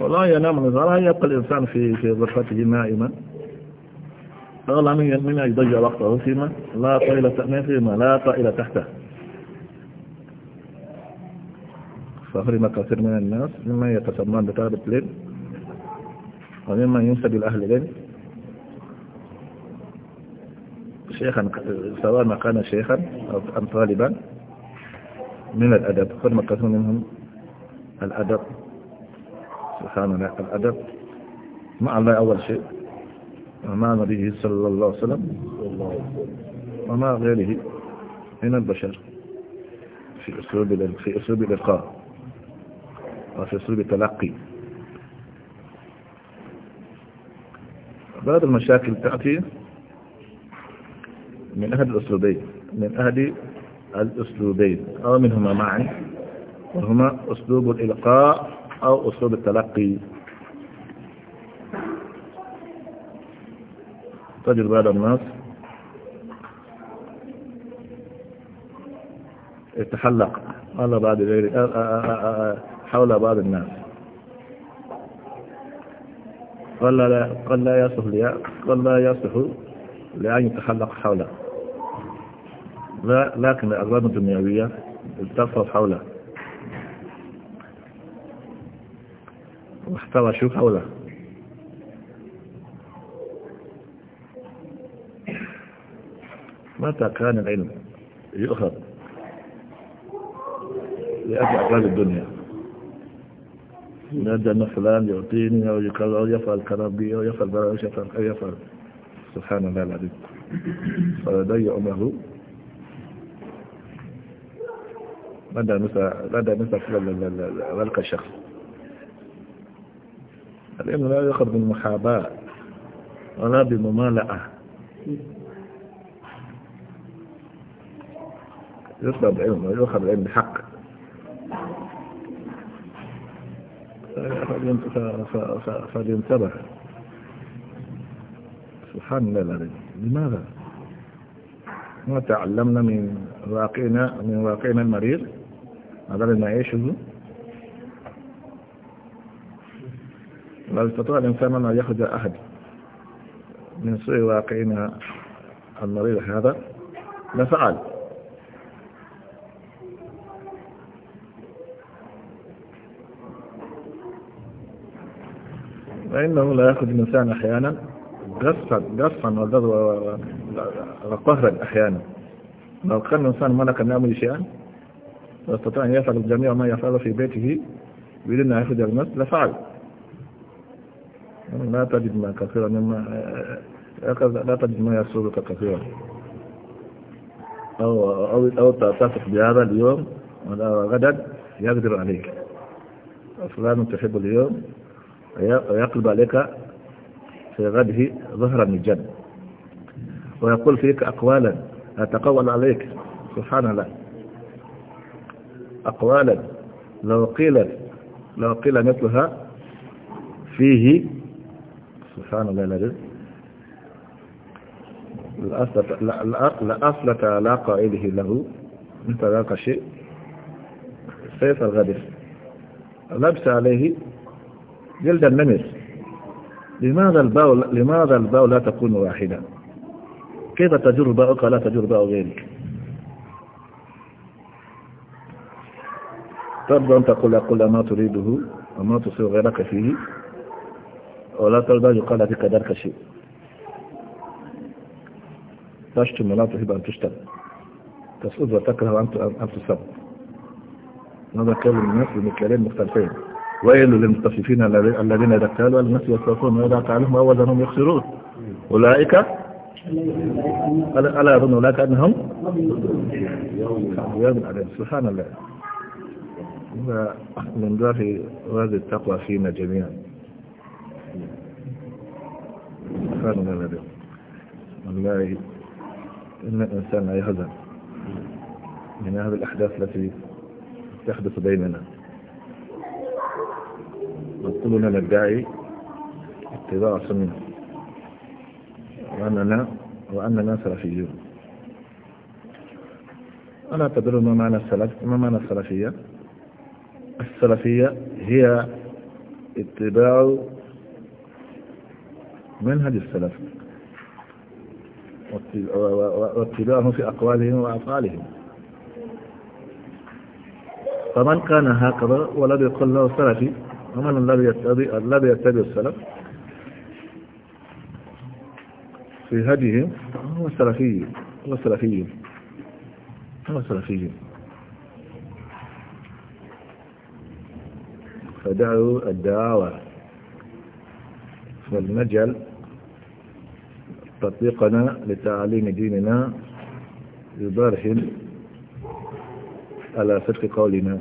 ولا ينام نظرها يبقى الإنسان في غرفته نائما لا من من يضيع وقته فيما لا طائلة فيما لا طائلة تحته فهرم كثير من الناس ممن يتسمون بطالب العلم وممن ينسب الأهل العلم شيخا سواء ما كان شيخا أو طالبا من الأدب فهرم كثير منهم الأدب سبحان الله الأدب مع الله أول شيء وما نبيه صلى الله عليه وسلم ومع غيره من البشر في أسلوب في أسلوب الإلقاء وفي أسلوب التلقي بعض المشاكل تأتي من أحد الأسلوبين من أحد الأسلوبين أو منهما معا وهما أسلوب الإلقاء أو أسلوب التلقي تجد بعض الناس يتحلق على بعض غير آه، آه، آه، حول بعض الناس قال لا قال لا يصح لي قال لا يصح لأن يتحلق حوله لا لكن الأغراض الدنيوية التفت حوله واحتوى شو حوله متى كان العلم يؤخذ لأجل أغراض الدنيا نادى أن فلان يعطيني أو أو يفعل كلام بي أو يفعل بلا أو يفعل أو يفعل سبحان الله العظيم فلدي عمره مدى مثل لدى مثل ذلك الشخص العلم لا يؤخذ بالمحاباة ولا بممالأة يطلب العلم ويؤخذ العلم بحق فلينتبه سبحان الله العظيم لماذا ما تعلمنا من واقعنا من واقعنا المريض هذا ما يعيشه لو استطاع الإنسان أن يخرج أحد من سوء واقعنا المريض هذا لفعل فإنه لا يأخذ الإنسان أحيانا قصا قصا وقهرا أحيانا لو كان الإنسان ملكا يعمل شيئا واستطاع أن يفعل جميع ما يفعله في بيته بدون أن يأخذ المس لفعل يعني لا تجد ما كثيرا مما لا تجد ما يسرك كثيرا أو أو أو تلتصق بهذا اليوم ولا غدا يقدر عليك فلان تحب اليوم ويقلب عليك في غده من الجنة ويقول فيك أقوالا أتقول عليك سبحان الله أقوالا لو قيل لو قيل مثلها فيه سبحان الله العظيم لأصلة لا قائله له انت ذاك شيء سيف الغدر لبس عليه جلد النمر لماذا الباء لماذا الباء لا تكون واحدة كيف تجر باؤك لا تجر باء غيرك ترضى أن تقول أقول ما تريده وما تصير غيرك فيه ولا ترضى يقال فيك ذلك شيء تشتم ولا تحب أن تشتم تسؤد وتكره أن تسب هذا كلام الناس من كلام مختلفين ويل للمستفيفين الذين إذا اكتالوا الناس ويضع وإذا اولا هم يخسرون أولئك ألا يظن أولئك أنهم يوم عليهم سبحان الله من ذا في هذه التقوى فينا جميعا سبحان الله الذي والله إن الإنسان لا يهزم من هذه الأحداث التي تحدث بيننا وكلنا ندعي اتباع السنة وأننا وأننا سلفيون أنا تدرون ما معنى السلف ما معنى السلفية السلفية هي اتباع منهج السلف واتباعهم في أقوالهم وأفعالهم فمن كان هكذا ولم يقل له سلفي فمن الذي يتبع الذي يتبع السلف في هديهم هو سلفي هو سلفي هو سلفي فدعوا الدعاوى فلنجعل تطبيقنا لتعليم ديننا يبرهن على صدق قولنا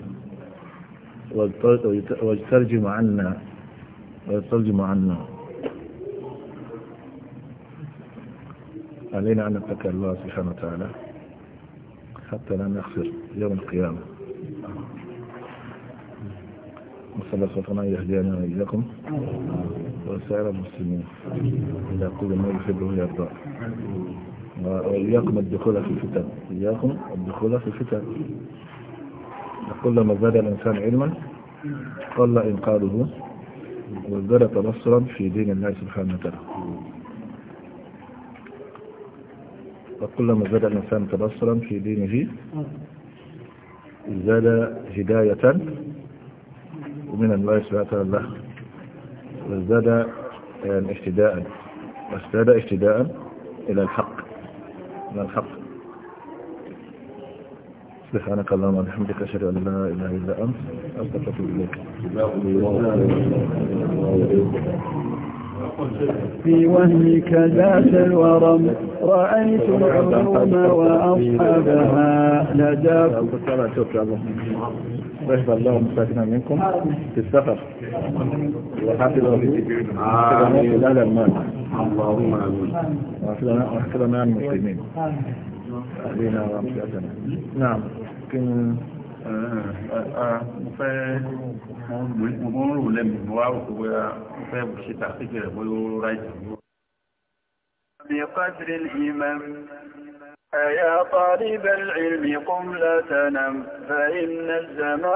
ويترجم عنا ويترجم عنا علينا أن نتقي الله سبحانه وتعالى حتى لا نخسر يوم القيامة نسأل الله سبحانه يهدينا وإياكم وسائر المسلمين إلى قول ما يحبه ويرضى وإياكم الدخول في الفتن إياكم الدخول في الفتن كلما زاد الإنسان علما قل إنقاذه وازداد تبصرا في دين الله سبحانه وتعالى وكلما زاد الإنسان تبصرا في دينه زاد هداية ومن الله سبحانه وتعالى له وازداد يعني اهتداء وازداد اهتداء إلى الحق إلى الحق سبحانك اللهم وبحمدك اشهد ان لا اله الا انت استغفرك اليك في وهمك ذات الورم رأيت العلوم وأصحابها لدى رحب الله مساكنا منكم في السفر الله في أهل المال اللهم آمين وحفظنا المسلمين أهلنا وأمساتنا نعم بقدر الإمام أيا طالب العلم قم لا تنم فإن الزمان